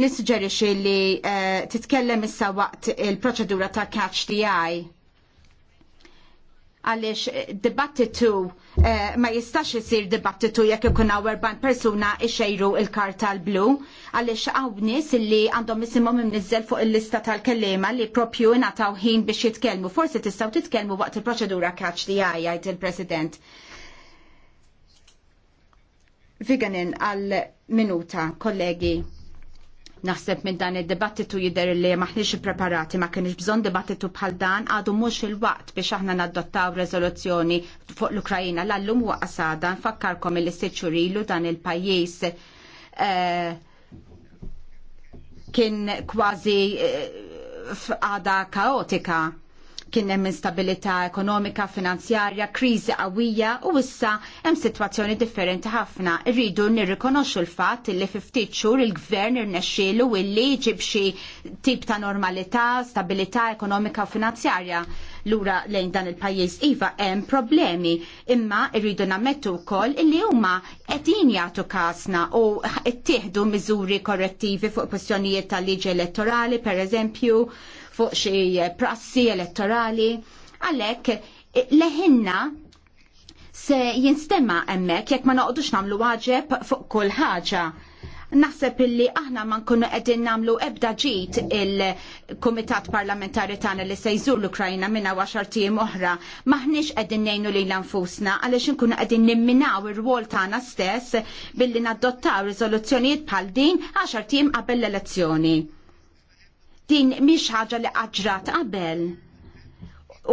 nisġerixi li eh, titkellem issa waqt il-proċedura ta' catch the għaliex eh, dibattitu eh, ma jistax jisir dibattitu jekk ikun hawn erban persuna ixejru il-karta l-blu għaliex hawn nies li għandhom isimhom imniżżel fuq il-lista tal kellema li propju ingħataw ħin biex jitkellmu. Forsi tistgħu titkellmu waqt il-proċedura kaċ li jgħid il-President. Viganin għal minuta, kollegi. Naħseb minn dan id-dibattitu jidher li maħniex preparati ma kienx bżonn dibattitu bħal dan għadu mhux il-waqt biex aħna naddottaw rezoluzzjoni fuq l-Ukrajina l-allum huwa qasada nfakkarkom il ilu dan il-pajjiż eh, kien kważi eh, għada kaotika Kien hemm instabilità ekonomika, finanzjarja, kriżi qawwija u issa hemm sitwazzjoni differenti ħafna. Irridu nirrikonoxxu l-fatt li fi ftit xhur il-gvern irnexxielu illi jġib xi tip ta' normalità, stabilità ekonomika u finanzjarja lura lejn dan il-pajjiż iva hemm problemi, imma rridu nammettu wkoll illi huma qegħdin jagħtu kasna u ttieħdu miżuri korrettivi fuq kwestjonijiet tal-liġi elettorali pereżempju fuq xi prassi elettorali. Għalhekk leħinna se jinstema hemmhekk jekk ma noqdux nagħmlu waġeb fuq kull ħaġa. Naħseb illi aħna ma nkunu qegħdin nagħmlu ebda ġid il-Kumitat Parlamentari tagħna li se jżur l-Ukrajna minna għaxar tim oħra, maħniex qegħdin ngħinu lil nfusna għaliex inkunu qegħdin nimminaw ir-rwol tagħna stess billi nadottaw riżoluzzjonijiet bħal din għaxar tim qabel l-elezzjoni. Din mhix ħaġa li aġrat qabel.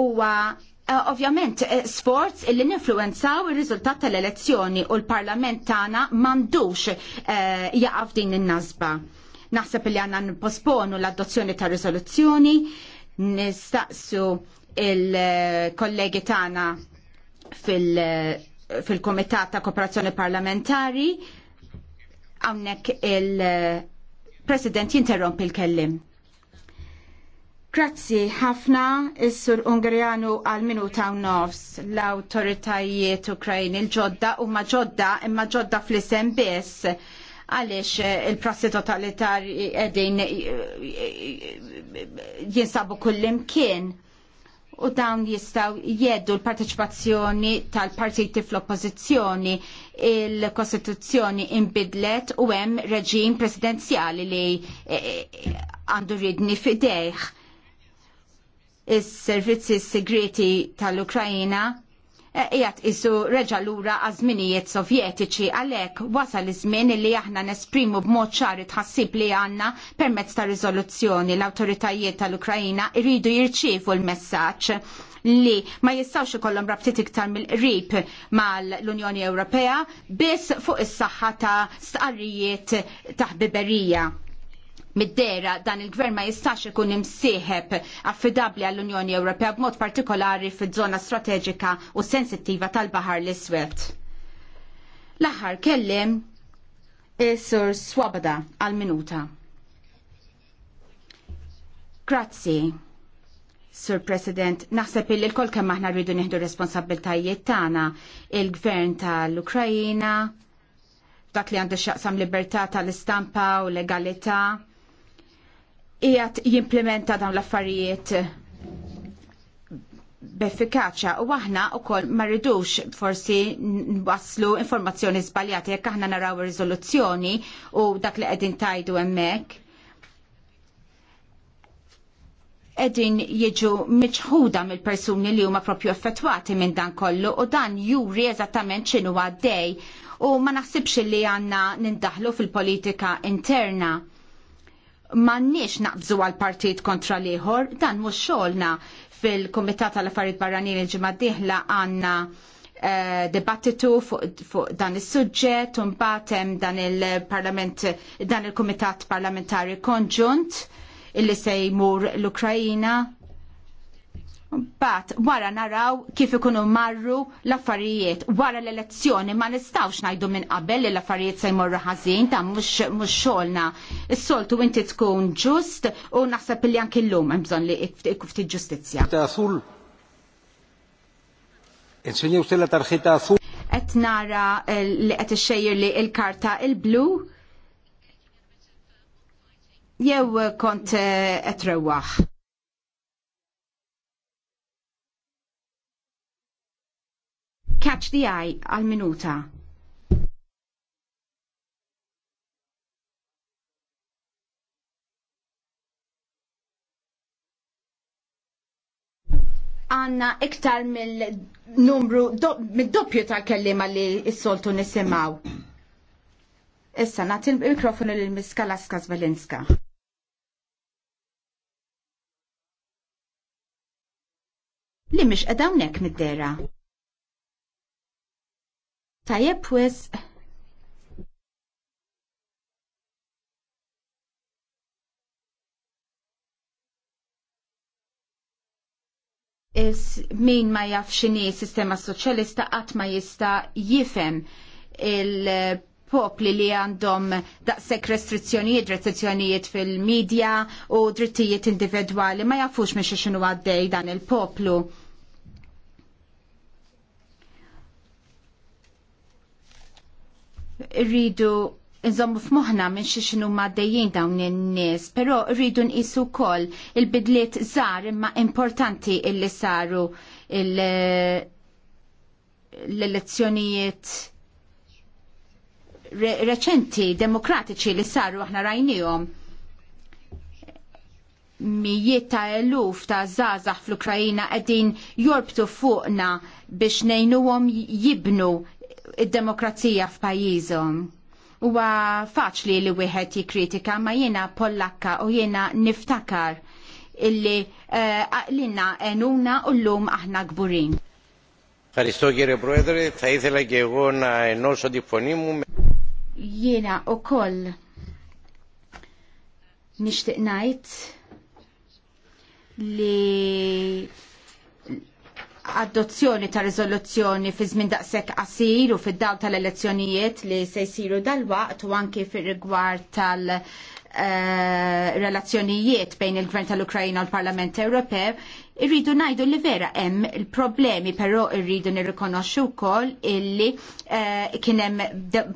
Huwa eh, ovvjament eh, sforz illi ninfluwenzaw il-riżultat tal-elezzjoni u l-parlament tagħna m'għandux eh, jaqaf din in nażba Naħseb li għandna nposponu l-adozzjoni ta' riżoluzzjoni, nistaqsu il-kollegi tagħna fil-Komitat ta' Kooperazzjoni Parlamentari hawnhekk il-President jinterrompi l-kellim. Grazzi ħafna is-sur Ungarjanu għal minuta u nofs l-autoritajiet Ukrajni l-ġodda u ma ġodda imma ġodda fl-isem biss għalix eh, il-prassi totalitari edin eh, eh, jinsabu kullimkien u dawn jistaw jeddu l-parteċipazzjoni tal-partiti fl-oppozizjoni il-Kostituzzjoni imbidlet u hemm reġim presidenzjali li għandu ridni fidejh is-servizzi segreti tal-Ukrajina e, qiegħed isu reġa' lura għażminijiet sovjetiċi għalhekk wasal iż-żmien li aħna nesprimu b'mod ċari tħassib li għandna permezz ta' riżoluzzjoni l-awtoritajiet tal-Ukrajina jridu jirċievu l-messaġġ li ma jistawx ikollhom rabtiet iktar mill-qrib mal-Unjoni Ewropea biss fuq is-saħħa ta' stqarrijiet ta' ħbiberija middera dan il-gvern ma jistax ikun imsieħeb affidabli għall-Unjoni Ewropea b'mod partikolari fiż-żona strateġika u sensittiva tal-Baħar l-Iswed. L-aħħar kellim is-Sur Swabada għal-minuta. Grazzi. Sur President, naħseb illi l-kol kemm aħna rridu nieħdu responsabiltajiet tagħna il-gvern tal-Ukrajina, dak li għandu xaqsam libertà tal-istampa u legalità jgħat jimplementa dawn l-affarijiet b'effikaċja u aħna wkoll ma rridux forsi nwasslu informazzjoni żbaljata jekk aħna naraw rizoluzzjoni riżoluzzjoni u dak li qegħdin tajdu hemmhekk edin jiġu miċħuda mill-persuni li huma propju effettwati minn dan kollu u dan juri eżattament x'inhu għaddej u ma naħsibx li għanna nindaħlu fil-politika interna mannix naqbżu għal partit kontra liħor, dan mux xolna fil-Komitat tal-Affarijiet Barranin il-ġimgħa diħla għandna uh, dibattitu fuq fu dan is-suġġett u mbagħad hemm dan il-Parlament dan il-Kumitat Parlamentari Konġunt illi se jmur l-Ukrajina Bat, wara naraw kif ikunu marru l-affarijiet. Wara l-elezzjoni ma nistawx najdu minn qabel li l-affarijiet se jmorru ħażin ta' mhux xogħolna. Is-soltu inti tkun ġust u naħseb li anki llum hemm bżonn li ftit ġustizzja. Qed nara eh, li qed ixxejjer li l-karta il-blu jew kont eh, qed rewwaħ. Catch the Eye għal-minuta. għanna iktar mill-numru, mill-doppju ta' kellima li s-soltu nisimaw. Issa, nati il-mikrofonu l-Miska Laska Zvelinska. Li mish edawnek mid-dera? Tajjeb wis min ma jafxini sistema soċjalista qatt ma jista jifhem il- popli li għandhom daqsek restrizzjonijiet, restrizzjonijiet fil-medja u drittijiet individwali ma jafux miex xinu għaddej dan il-poplu. rridu nżommu f'moħna minn xi xinu maddejjin dawn in-nies, però rridu nqisu wkoll il-bidliet żgħar imma importanti illi saru l-elezzjonijiet reċenti demokratiċi li saru aħna rajnijom mijiet ta' eluf ta' zazax fl-Ukrajina qegħdin jorbtu fuqna biex nejnuwom jibnu id-demokrazija f'pajjiżhom. Huwa faċli li wieħed jikkritika ma jiena Pollakka u jiena niftakar illi eh, għaqlina uh, enuna u l-lum aħna gburin. Ευχαριστώ għire Πρόεδρε. ta' ήθελα και εγώ να ενώσω τη Jiena u koll nishtiq najt li adozzjoni ta' rizoluzzjoni fi żmien daqshekk qasir u fid-dawl tal-elezzjonijiet li se jsiru dalwaqt u anke fir-rigward tal- eh, relazzjonijiet bejn il-Gvern tal-Ukrajina u l-Parlament Ewropew, irridu najdu li vera hemm il-problemi, però irridu nirrikonoxxu wkoll illi eh, kien hemm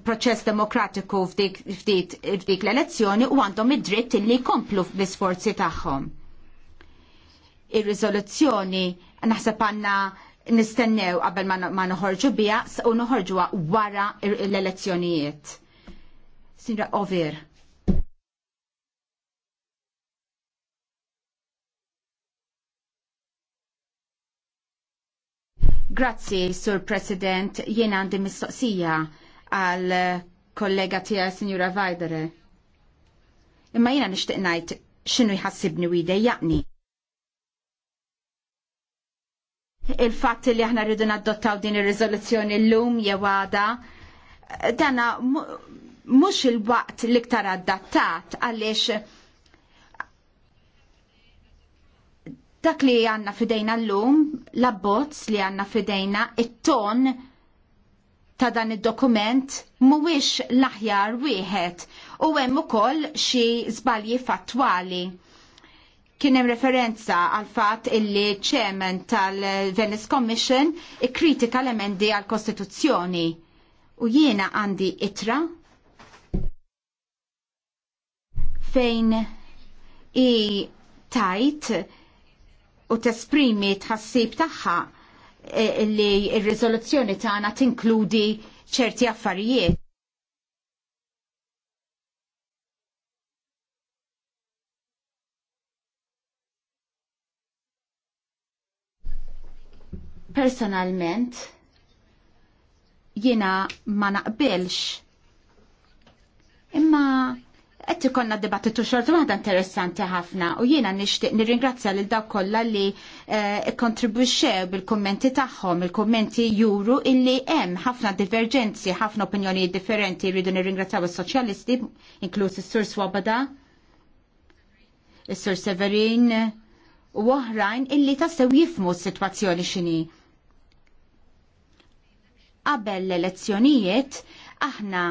proċess demokratiku f'dik l-elezzjoni u għandhom id-dritt illi jkomplu l isforzi tagħhom ir rizoluzzjoni naħseb għanna nistennew qabel ma noħorġu biha u noħorġu wara l-elezzjonijiet. Sinra Ovir. Grazzi, Sur President, jiena għandi mistoqsija għal kollega tiegħi Sinjura Vajdere. Imma jiena nixtieq ngħid x'inhu jħassibni u jdejjaqni. il-fatt li aħna rridu nadottaw din ir-riżoluzzjoni llum jew għada dana mhux il-waqt l adattat għaliex dak li għanna fidejna llum, l-abbozz li għanna fidejna, it-ton ta' dan id-dokument mhuwiex l-aħjar wieħed u hemm ukoll xi żbalji fattwali Kien hemm referenza għal fatt illi ċemen tal-Venice Commission ikkritika l-emendi għall kostituzzjoni u jiena għandi itra fejn i tajt u tesprimi tħassib tagħha eh, li r-riżoluzzjoni tagħna tinkludi ċerti affarijiet. personalment jiena ma naqbilx. Imma qed ikollna dibattitu xorta waħda interessanti ħafna u jiena nixtieq nirringrazzja lil dawk kollha li eh, kontribwixxew bil-kummenti tagħhom, il-kummenti juru illi hemm ħafna diverġenzi, ħafna opinjonijiet differenti rridu nirringrazzjaw is-soċjalisti, inkluż is-Sur Swabada, is-Sur Severin u oħrajn illi tassew jifmu s-sitwazzjoni x'inhi qabel l-elezzjonijiet aħna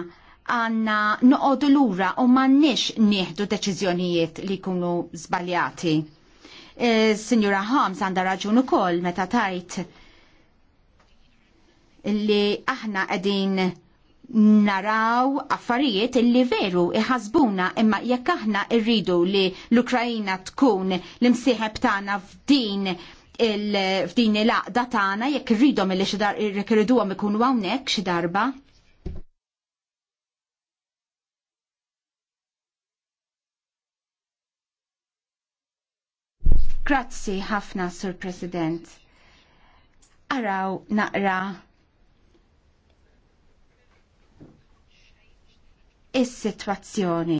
għanna noqodu lura u mannix nieħdu deċiżjonijiet li jkunu żbaljati. E, Signora Holmes għandha raġun ukoll meta tajt li aħna qegħdin naraw affarijiet illi veru iħasbuna imma jekk aħna rridu li l-Ukrajina tkun l-imsieħeb tagħna f'din f'din il-laqda tagħna jekk irridhom illi xi jekk irriduhom ikunu hawnhekk xi darba. Grazzi ħafna, Sur President. Araw naqra is-sitwazzjoni.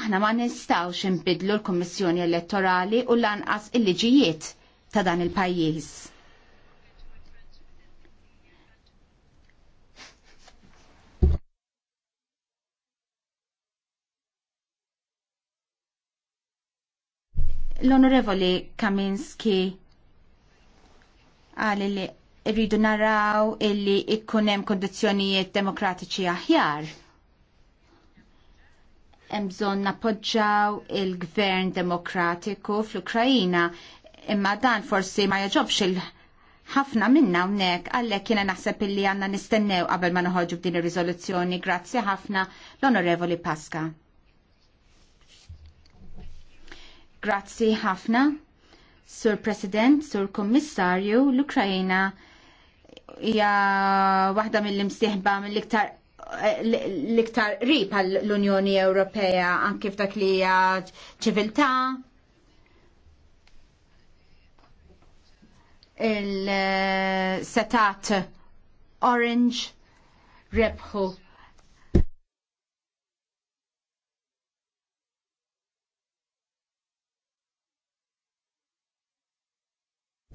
Aħna ma nistawx inbidlu l-Kummissjoni Elettorali u lanqas il-liġijiet ta' dan il-pajjiż. L-Onorevoli Kaminski għal li rridu naraw illi ikkunem kondizjonijiet demokratiċi aħjar. Hemm bżonn nappoġġaw il-gvern demokratiku fl-Ukrajina imma dan forsi ma jaġobx il- ħafna minna unnek għallek kiena naħseb illi għanna nistennew qabel ma noħorġu b'din ir-riżoluzzjoni. Grazzi ħafna l-Onorevoli Pasqa. Grazzi ħafna, Sur President, Sur Kommissarju, l-Ukrajina hija waħda mill-imsieħba mill-iktar l-iktar rib għall-Unjoni Ewropea anke f'dak li hija ċiviltà, il-setat orange rebħu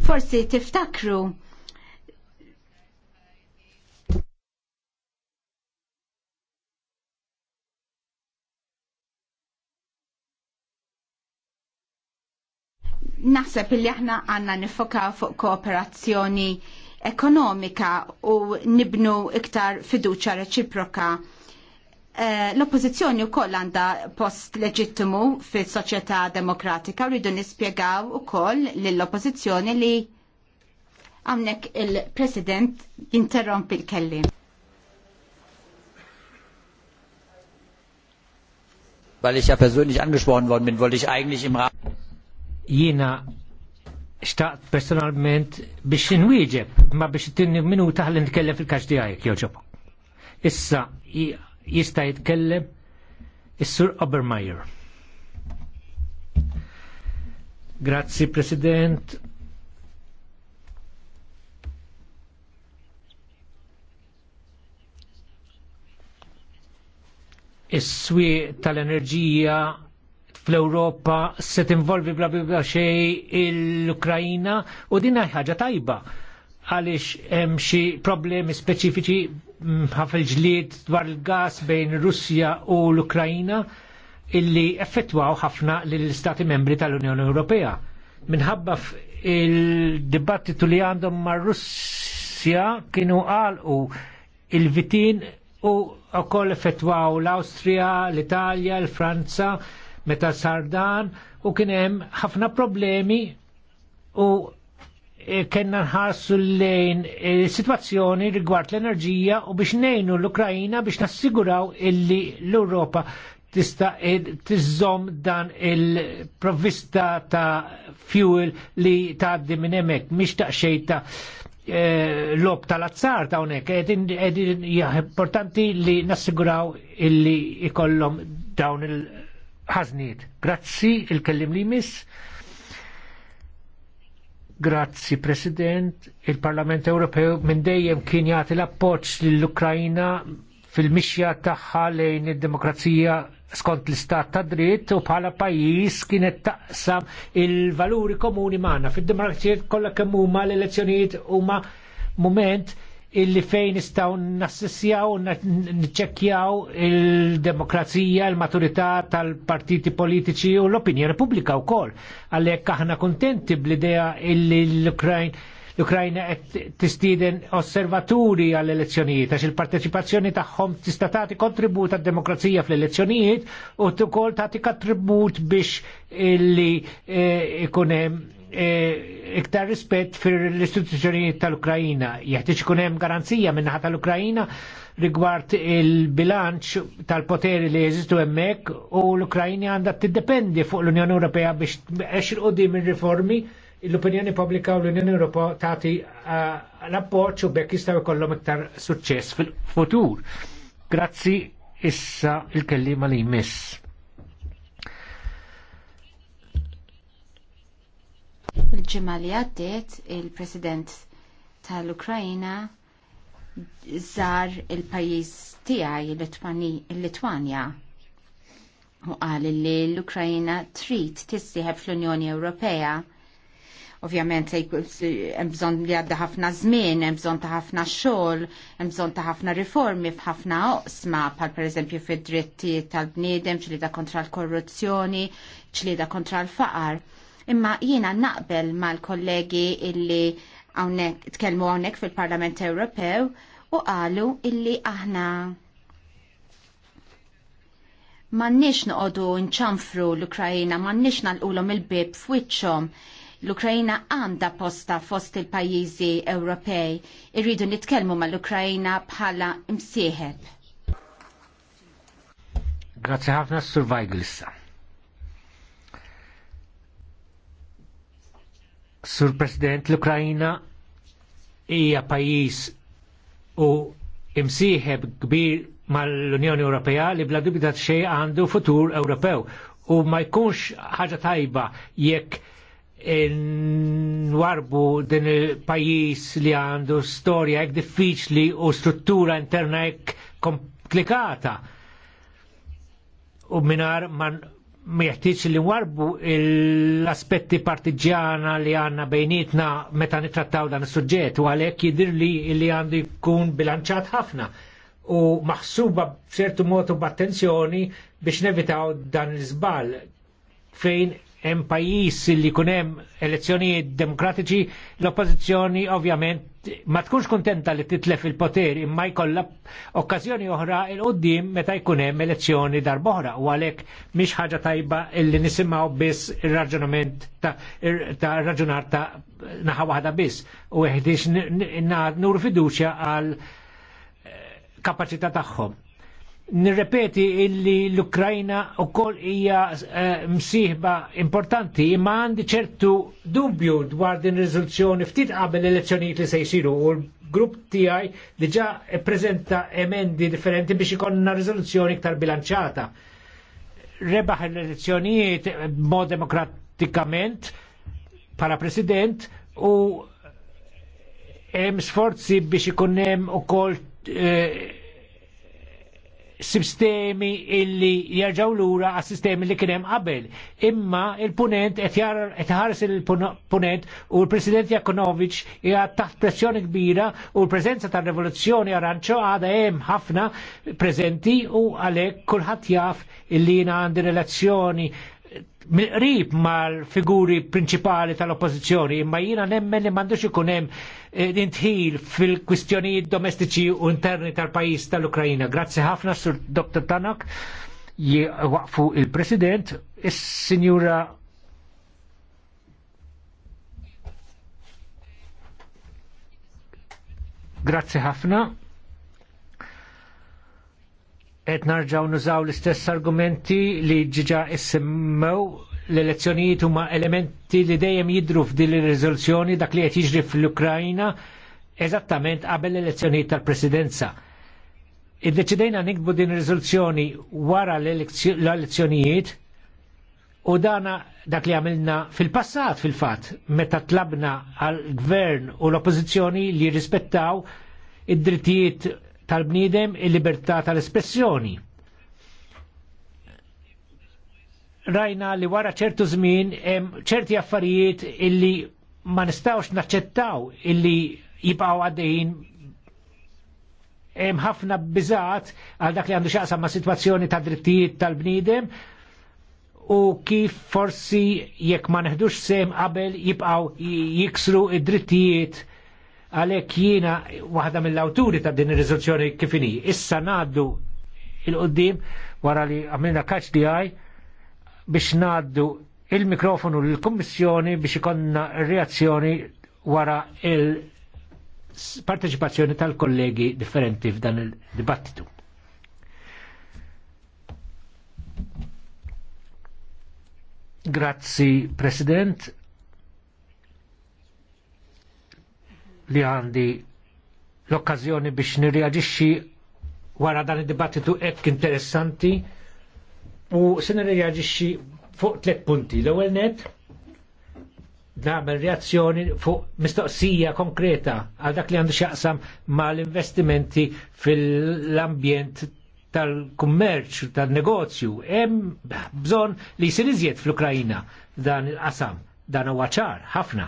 forsi tiftakru Naħseb li aħna għanna nifoka fuq kooperazzjoni ekonomika u nibnu iktar fiduċa reċiproka. Eh, l-oppozizjoni u koll għanda post leġittimu fil soċjetà demokratika rridu nispiegaw u koll l-oppozizjoni li għamnek il-president interromp il-kelli. weil ich ja persönlich angesprochen worden bin, wollte ich eigentlich im Rahmen Jiena xtaqt personalment biex nwieġeb ma biex tinni minuta ħalli nitkellem fil-kaċ tiegħek joġob. Issa jista' jitkellem is-Sur Obermeyer. Grazzi President. Is-swieq tal-enerġija fl-Ewropa se tinvolvi bla bla xej l-Ukrajina u din ħaġa tajba għaliex hemm xi problemi speċifiċi ħaf il-ġlied dwar il-gas bejn Russja u l-Ukrajina illi effettwaw ħafna lill istati membri tal-Unjoni Ewropea. Minħabba il-dibattitu li għandhom ma' Russja kienu għalqu il-vitin u koll effettwaw l-Austria, l-Italja, l-Franza, meta sar dan u kien hemm ħafna problemi u e, kena nħarsu lejn e, situazzjoni rigward l-enerġija u biex nejnu l-Ukrajina biex nassiguraw illi l-Europa tista e, tizzom dan il-provvista ta' fuel li tgħaddi minn hemmhekk mhix ta' xejn lob tal-azzar ta' unek, importanti li nassiguraw illi ikollhom dawn il- ħażniet. Grazzi il-kellim li miss. Grazzi President, il-Parlament Ewropew minn dejjem kien jagħti l-appoġġ lill-Ukrajna fil-mixja tagħha lejn id-demokrazija skont l-istat ta' dritt u bħala pajis kienet taqsam il-valuri komuni magħna. Fid-demokrazija kollha kemm huma l-elezzjonijiet huma moment illi fejn nistaw nassessjaw, nċekjaw il-demokrazija, il-maturità tal-partiti politiċi u l-opinjoni pubblika u kol. Għallek aħna kontenti bl-idea illi l-Ukrajn l-Ukrajna qed tistiden osservaturi għall elezzjonijiet għax il-parteċipazzjoni tagħhom tista' tagħti kontribut għad-demokrazija fl-elezzjonijiet u ukoll tagħti kontribut biex illi eh, ikun hemm Eh, iktar rispett fir l-istituzzjonijiet tal-Ukrajina. Jeħtieġ ikun hemm garanzija minnaħa tal-Ukrajina rigward il-bilanċ tal-poteri li jeżistu hemmhekk u l-Ukrajina għandha tiddependi fuq l-Unjoni Ewropea biex tbeqex il-qudiem ir-riformi l-opinjoni pubblika u l-Unjoni Ewropea tagħti l-appoġġ eh, u bekk jistgħu jkollhom iktar suċċess fil-futur. Grazzi issa il-kellima li jmiss. Il-ġimgħa li għaddiet il-President tal-Ukrajna żar il-pajjiż tiegħi l-Litwanja u qal li l-Ukrajna trid tissieħeb fl-Unjoni Ewropea ovvjament hemm bżonn li għadda ħafna żmien, hemm bżonn ta' ħafna xogħol, hemm bżonn ta' ħafna riformi f'ħafna oqsma bħal pereżempju fid-dritti tal-bniedem, ċlieda kontra l-korruzzjoni, ċlieda kontra l-faqar. Imma jiena naqbel mal-kollegi illi għawnek, tkellmu għawnek fil-Parlament Ewropew u qalu illi aħna mannix noqodu nċanfru l-Ukrajina, mannix nalqulom il-bib f'wiċċhom L-Ukrajina għanda posta fost il-pajjiżi Ewropej. Irridu nitkellmu mal-Ukrajina bħala imsieħeb. Grazie ħafna Sur Vajglissa. Sur President, l-Ukrajina hija pajjiż u imsieħeb kbir mal-Unjoni Ewropea li bla dubita xej għandu futur Ewropew u ma jkunx ħaġa tajba jekk nwarbu din il-pajis li għandu storja jekk diffiċli u struttura interna jekk komplikata u minar man ma jeħtieġ li warbu l-aspetti partiġjana li għanna bejnietna meta nitrattaw dan is-suġġett u għalhekk jidir li li għandu jkun bilanċat ħafna u maħsuba b'ċertu mod b'attenzjoni biex nevitaw dan l iżball fejn hemm pajjiż li jkun hemm elezzjonijiet demokratiċi l-oppożizzjoni ovvjament ma tkunx kontenta li titlef il-poter imma jkollha okkażjoni oħra il qudiem meta jkun hemm elezzjoni darb'oħra u għalhekk mhix ħaġa tajba illi nisimgħu biss ir-raġunament ta' raġunar ta' naħa waħda biss u jeħdix nuru fiduċja għal eh, kapaċità tagħhom. Nirrepeti illi l-Ukrajna u koll hija uh, eh, msiħba importanti imma għandi ċertu dubju dwar din riżoluzzjoni ftit qabel l-elezzjonijiet li se jsiru u l-grupp tiegħi diġà ppreżenta emendi differenti biex ikonna riżoluzzjoni iktar bilanċata. Rebaħ l-elezzjonijiet mod demokratikament para president u hemm sforzi biex ikun hemm ukoll uh, sistemi illi jerġaw lura għas sistemi li kienem qabel. Imma il-punent qed ħares il-punent u l-President Jakunovic hija taħt pressjoni kbira u l-preżenza tar rivoluzzjoni Aranċo għada hemm ħafna prezenti u għalhekk kulħadd jaf illi jina għandi relazzjoni mill-qrib mal-figuri principali tal-oppozizjoni, imma jina nemmen li mandux ikun hemm eh, intħil fil-kwistjonijiet domestiċi u interni tal-pajis tal-Ukrajina. Grazie ħafna sur Dr. Tanak waqfu il-President, il sinjura Grazie ħafna qed narġaw nużaw l-istess argumenti li ġiġa issemmew l-elezzjonijiet huma elementi li dejjem jidru f'din ir-riżoluzzjoni dak li qed jiġri fl-Ukrajna eżattament qabel l-elezzjonijiet tal-Presidenza. Did-deċidejna nikbu din il riżoluzzjoni wara l-elezzjonijiet u dana dak li għamilna fil-passat fil-fatt meta tlabna għal-gvern u l-oppożizzjoni li jirrispettaw id-drittijiet tal-bniedem il-libertà tal-espressjoni. Rajna li wara ċertu żmien hemm ċerti affarijiet illi ma nistawx naċċettaw illi jibqgħu għaddejjin hemm ħafna biżat għal dak li għandu xaqsam ma' sitwazzjoni ta' drittijiet tal-bniedem u kif forsi jekk ma neħdux sem qabel jibqgħu jiksru id-drittijiet Għalhekk jiena waħda mill-awturi ta' din ir-riżoluzzjoni kif inhi. Issa ngħaddu il-qoddim wara li għamilna kaċ di għaj biex ngħaddu il-mikrofonu lill-Kummissjoni biex ikonna reazzjoni wara il-parteċipazzjoni tal-kollegi differenti f'dan il-dibattitu. Grazzi, President. li għandi l-okkazjoni biex nirreagġixxi wara dan id-dibattitu hekk interessanti u se nirreagġixxi fuq tliet punti. L-ewwel net nagħmel reazzjoni fuq mistoqsija konkreta għal dak li għandu xaqsam mal-investimenti fil-ambjent tal-kummerċ, tal-negozju, hemm bżonn li jsir iżjed fl-Ukrajina dan il-qasam, dan huwa ħafna.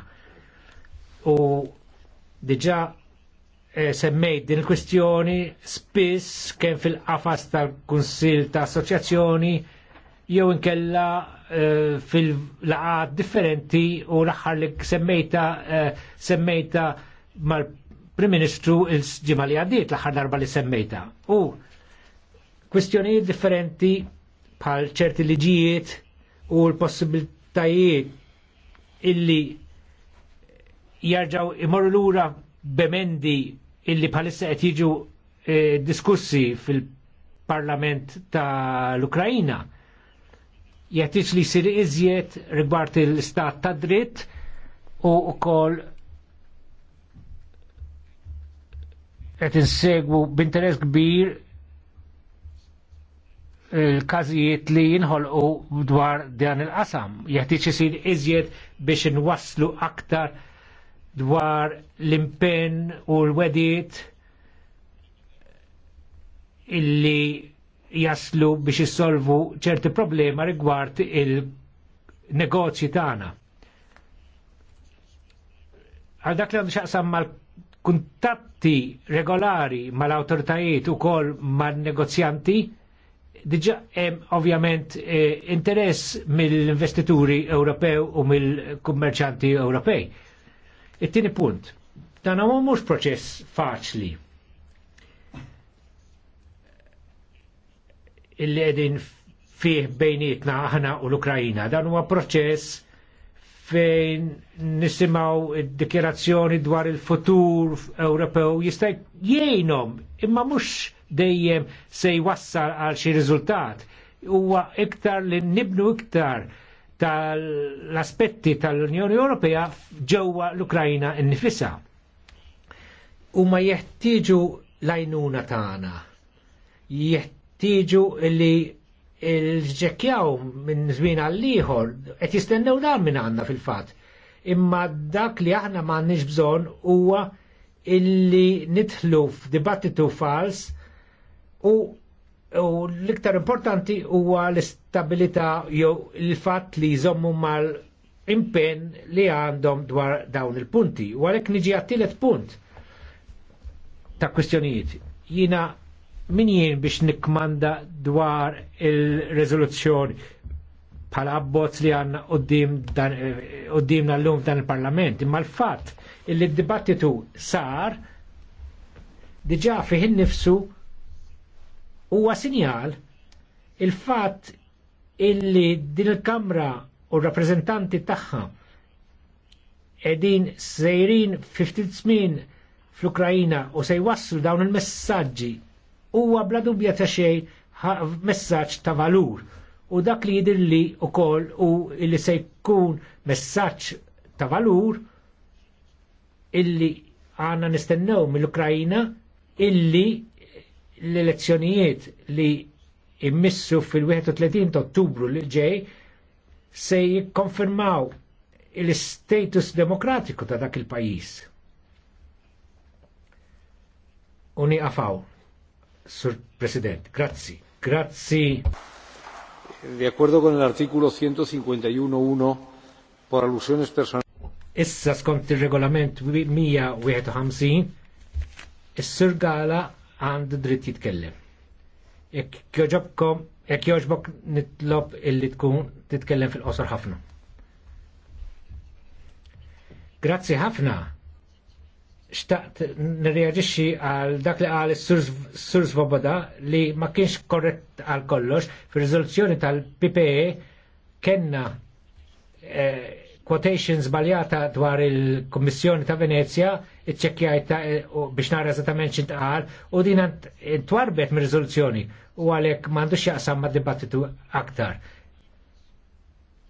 U Diġa eh, semmejt din il-kwestjoni spiss kemm fil-qafas tal-Kunsil ta' Assoċjazzjoni jew inkella eh, fil-laqat differenti u l-aħħar li semmejta eh, semmejta mal-Prim Ministru il-ġimgħa li għaddiet l-aħħar darba li semmejta. U kwestjonijiet differenti bħal ċerti liġijiet u l-possibilitajiet illi jarġaw imorru lura bemendi illi bħalissa qed jiġu eh, diskussi fil-Parlament tal-Ukrajina. Jettix li sir iżjed rigward il-stat ta' dritt u ukoll qed insegwu b'interess kbir il-każijiet li jinħolqu dwar dan il-qasam. Jeħtieġ isir iżjed biex inwasslu aktar dwar l-impenn u l-wedit illi jaslu biex jissolvu ċerti problema rigward il-negozji tagħna. Għal dak li għandu xaqsam mal-kuntatti regolari mal-autoritajiet u kol mal-negozjanti, diġa hemm ovvjament eh, interess mill-investituri Ewropew u mill-kummerċanti Ewropej. It-tieni punt. Dan huwa mhux proċess faċli. Illi qegħdin fih bejnietna aħna u l-Ukrajina. Dan huwa proċess fejn nisimaw id-dikjerazzjoni dwar il-futur Ewropew jista' jgħinhom imma mhux dejjem se jwassal għal xi riżultat. Huwa iktar li nibnu iktar tal-aspetti tal-Unjoni Ewropea ġewwa l-Ukrajna nnifisha. ma jeħtieġu l-għajnuna tagħna. Jeħtieġu li l-ġekjaw minn żmien għal ieħor qed jistennew dan minn għandna fil-fatt. Imma dak li aħna m'għandniex bżonn huwa illi nidħlu f'dibattitu fals u u l-iktar importanti huwa l-istabilità jew il-fatt li jżommu mal impenn li għandhom dwar dawn il-punti. U għalhekk niġi għattilet punt ta' kwistjonijiet. Jina min jien biex nikmanda dwar il-rezoluzzjoni bħala abbozz li għanna qoddimna l-lum dan il-parlament. Imma l fatt il-dibattitu sar diġa fiħin nifsu huwa sinjal il-fatt illi din il-Kamra u r-rappreżentanti tagħha edin sejrin 50 smin fl-Ukrajina u se jwasslu dawn il-messaġġi huwa bla dubja ta' xejn messaġġ ta' valur u dak li jidir li u koll u illi se jkun messaġġ ta' valur illi għanna nistennew mill-Ukrajina illi l-elezzjonijiet li immissu fil-31 ottubru li ġej se jikkonfermaw il-status demokratiku ta' dak il-pajis. Uni għafaw, Sur President, grazzi, grazzi. De acuerdo con l'articolo 151.1 por allusiones personali. Issa skont il-regolament 151, is-Sur Gala għand dritt jitkellem. Jekk joġobkom, jekk joġbok nitlob illi tkun titkellem fil-qosor ħafna. Grazzi ħafna. Xtaqt nirreagġixxi għal dak li għal sur Svoboda li ma kienx korrett għal kollox fir rizoluzzjoni tal-PPE kenna eh, quotation baljata dwar il-Kommissjoni ta' Venezia, iċċekjajt eh, biex nara eżattament x'intqal u din twarbet mir riżoluzzjoni u għalhekk m'għandux jaqsam ma' dibattitu aktar.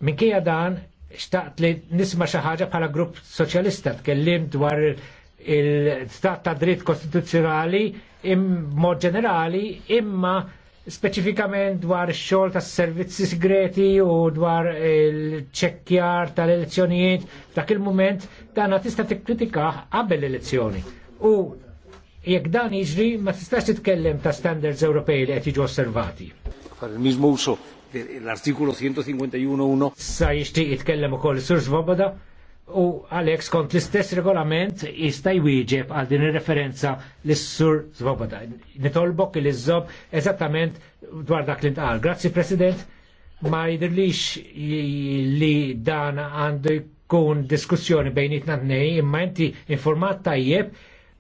Minkejja dan, xtaqt li nisma xi ħaġa bħala grupp soċjalista tkellim dwar il-stat ta' dritt kostituzzjonali im mod ġenerali imma speċifikament dwar xol ta' servizzi segreti u dwar il-ċekkjar tal-elezzjonijiet dak il-moment dan tista' tikkritika qabel l-elezzjoni. U jekk dan jiġri ma tistax titkellem ta' standards Ewropej li qed jiġu osservati. il uso l-artikolu 151.1. Sa jixtieq jitkellem ukoll Sur Svoboda u għalek skont l-istess regolament jista' jwieġeb għal din ir-referenza lis-sur Svoboda. Nitolbok li żob eżattament dwar dak li ntqal. Grazzi President, ma jidirlix li dan għandu jkun diskussjoni bejn bejnietna tnej, imma inti informat tajjeb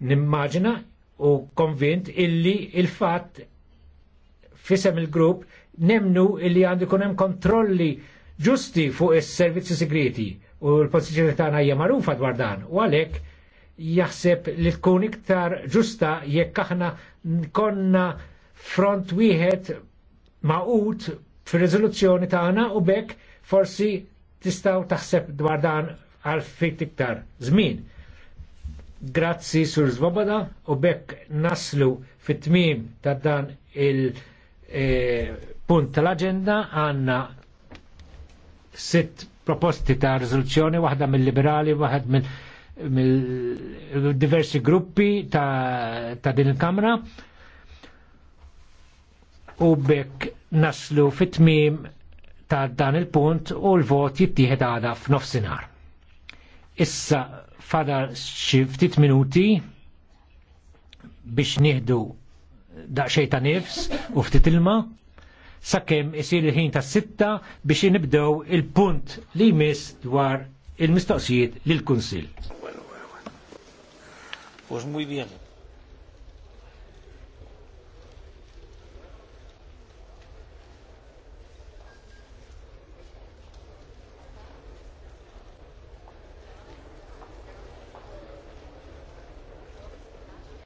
nimmaġina u konvint illi il-fatt fisem il-grupp nemnu illi għandu jkun hemm kontrolli ġusti fuq is-servizzi segreti u l-pozizjoni tagħna hija magħrufa dwar dan u għalhekk jaħseb li tkun iktar ġusta jekk aħna konna front wieħed maqut fir ta' tagħna u bekk forsi tistgħu taħseb dwar dan għal fit iktar żmien. Grazzi Sur Zvoboda u bekk naslu fit-tmim ta' dan il-punt eh, tal agenda għanna sitt proposti ta' rizoluzzjoni waħda mill-liberali, waħed mill, mill diversi gruppi ta', ta din il-Kamra. U bekk naslu fit-tmim ta' dan il-punt u l-vot jittieħed għada f'nofsinhar. Issa fadal xi ftit minuti biex nieħdu daqsxejn ta' nifs u ftit ilma sakemm isir il-ħin tas sitta biex nibdew il-punt li jmiss dwar il-mistoqsijiet lill kunsill Pues muy bien.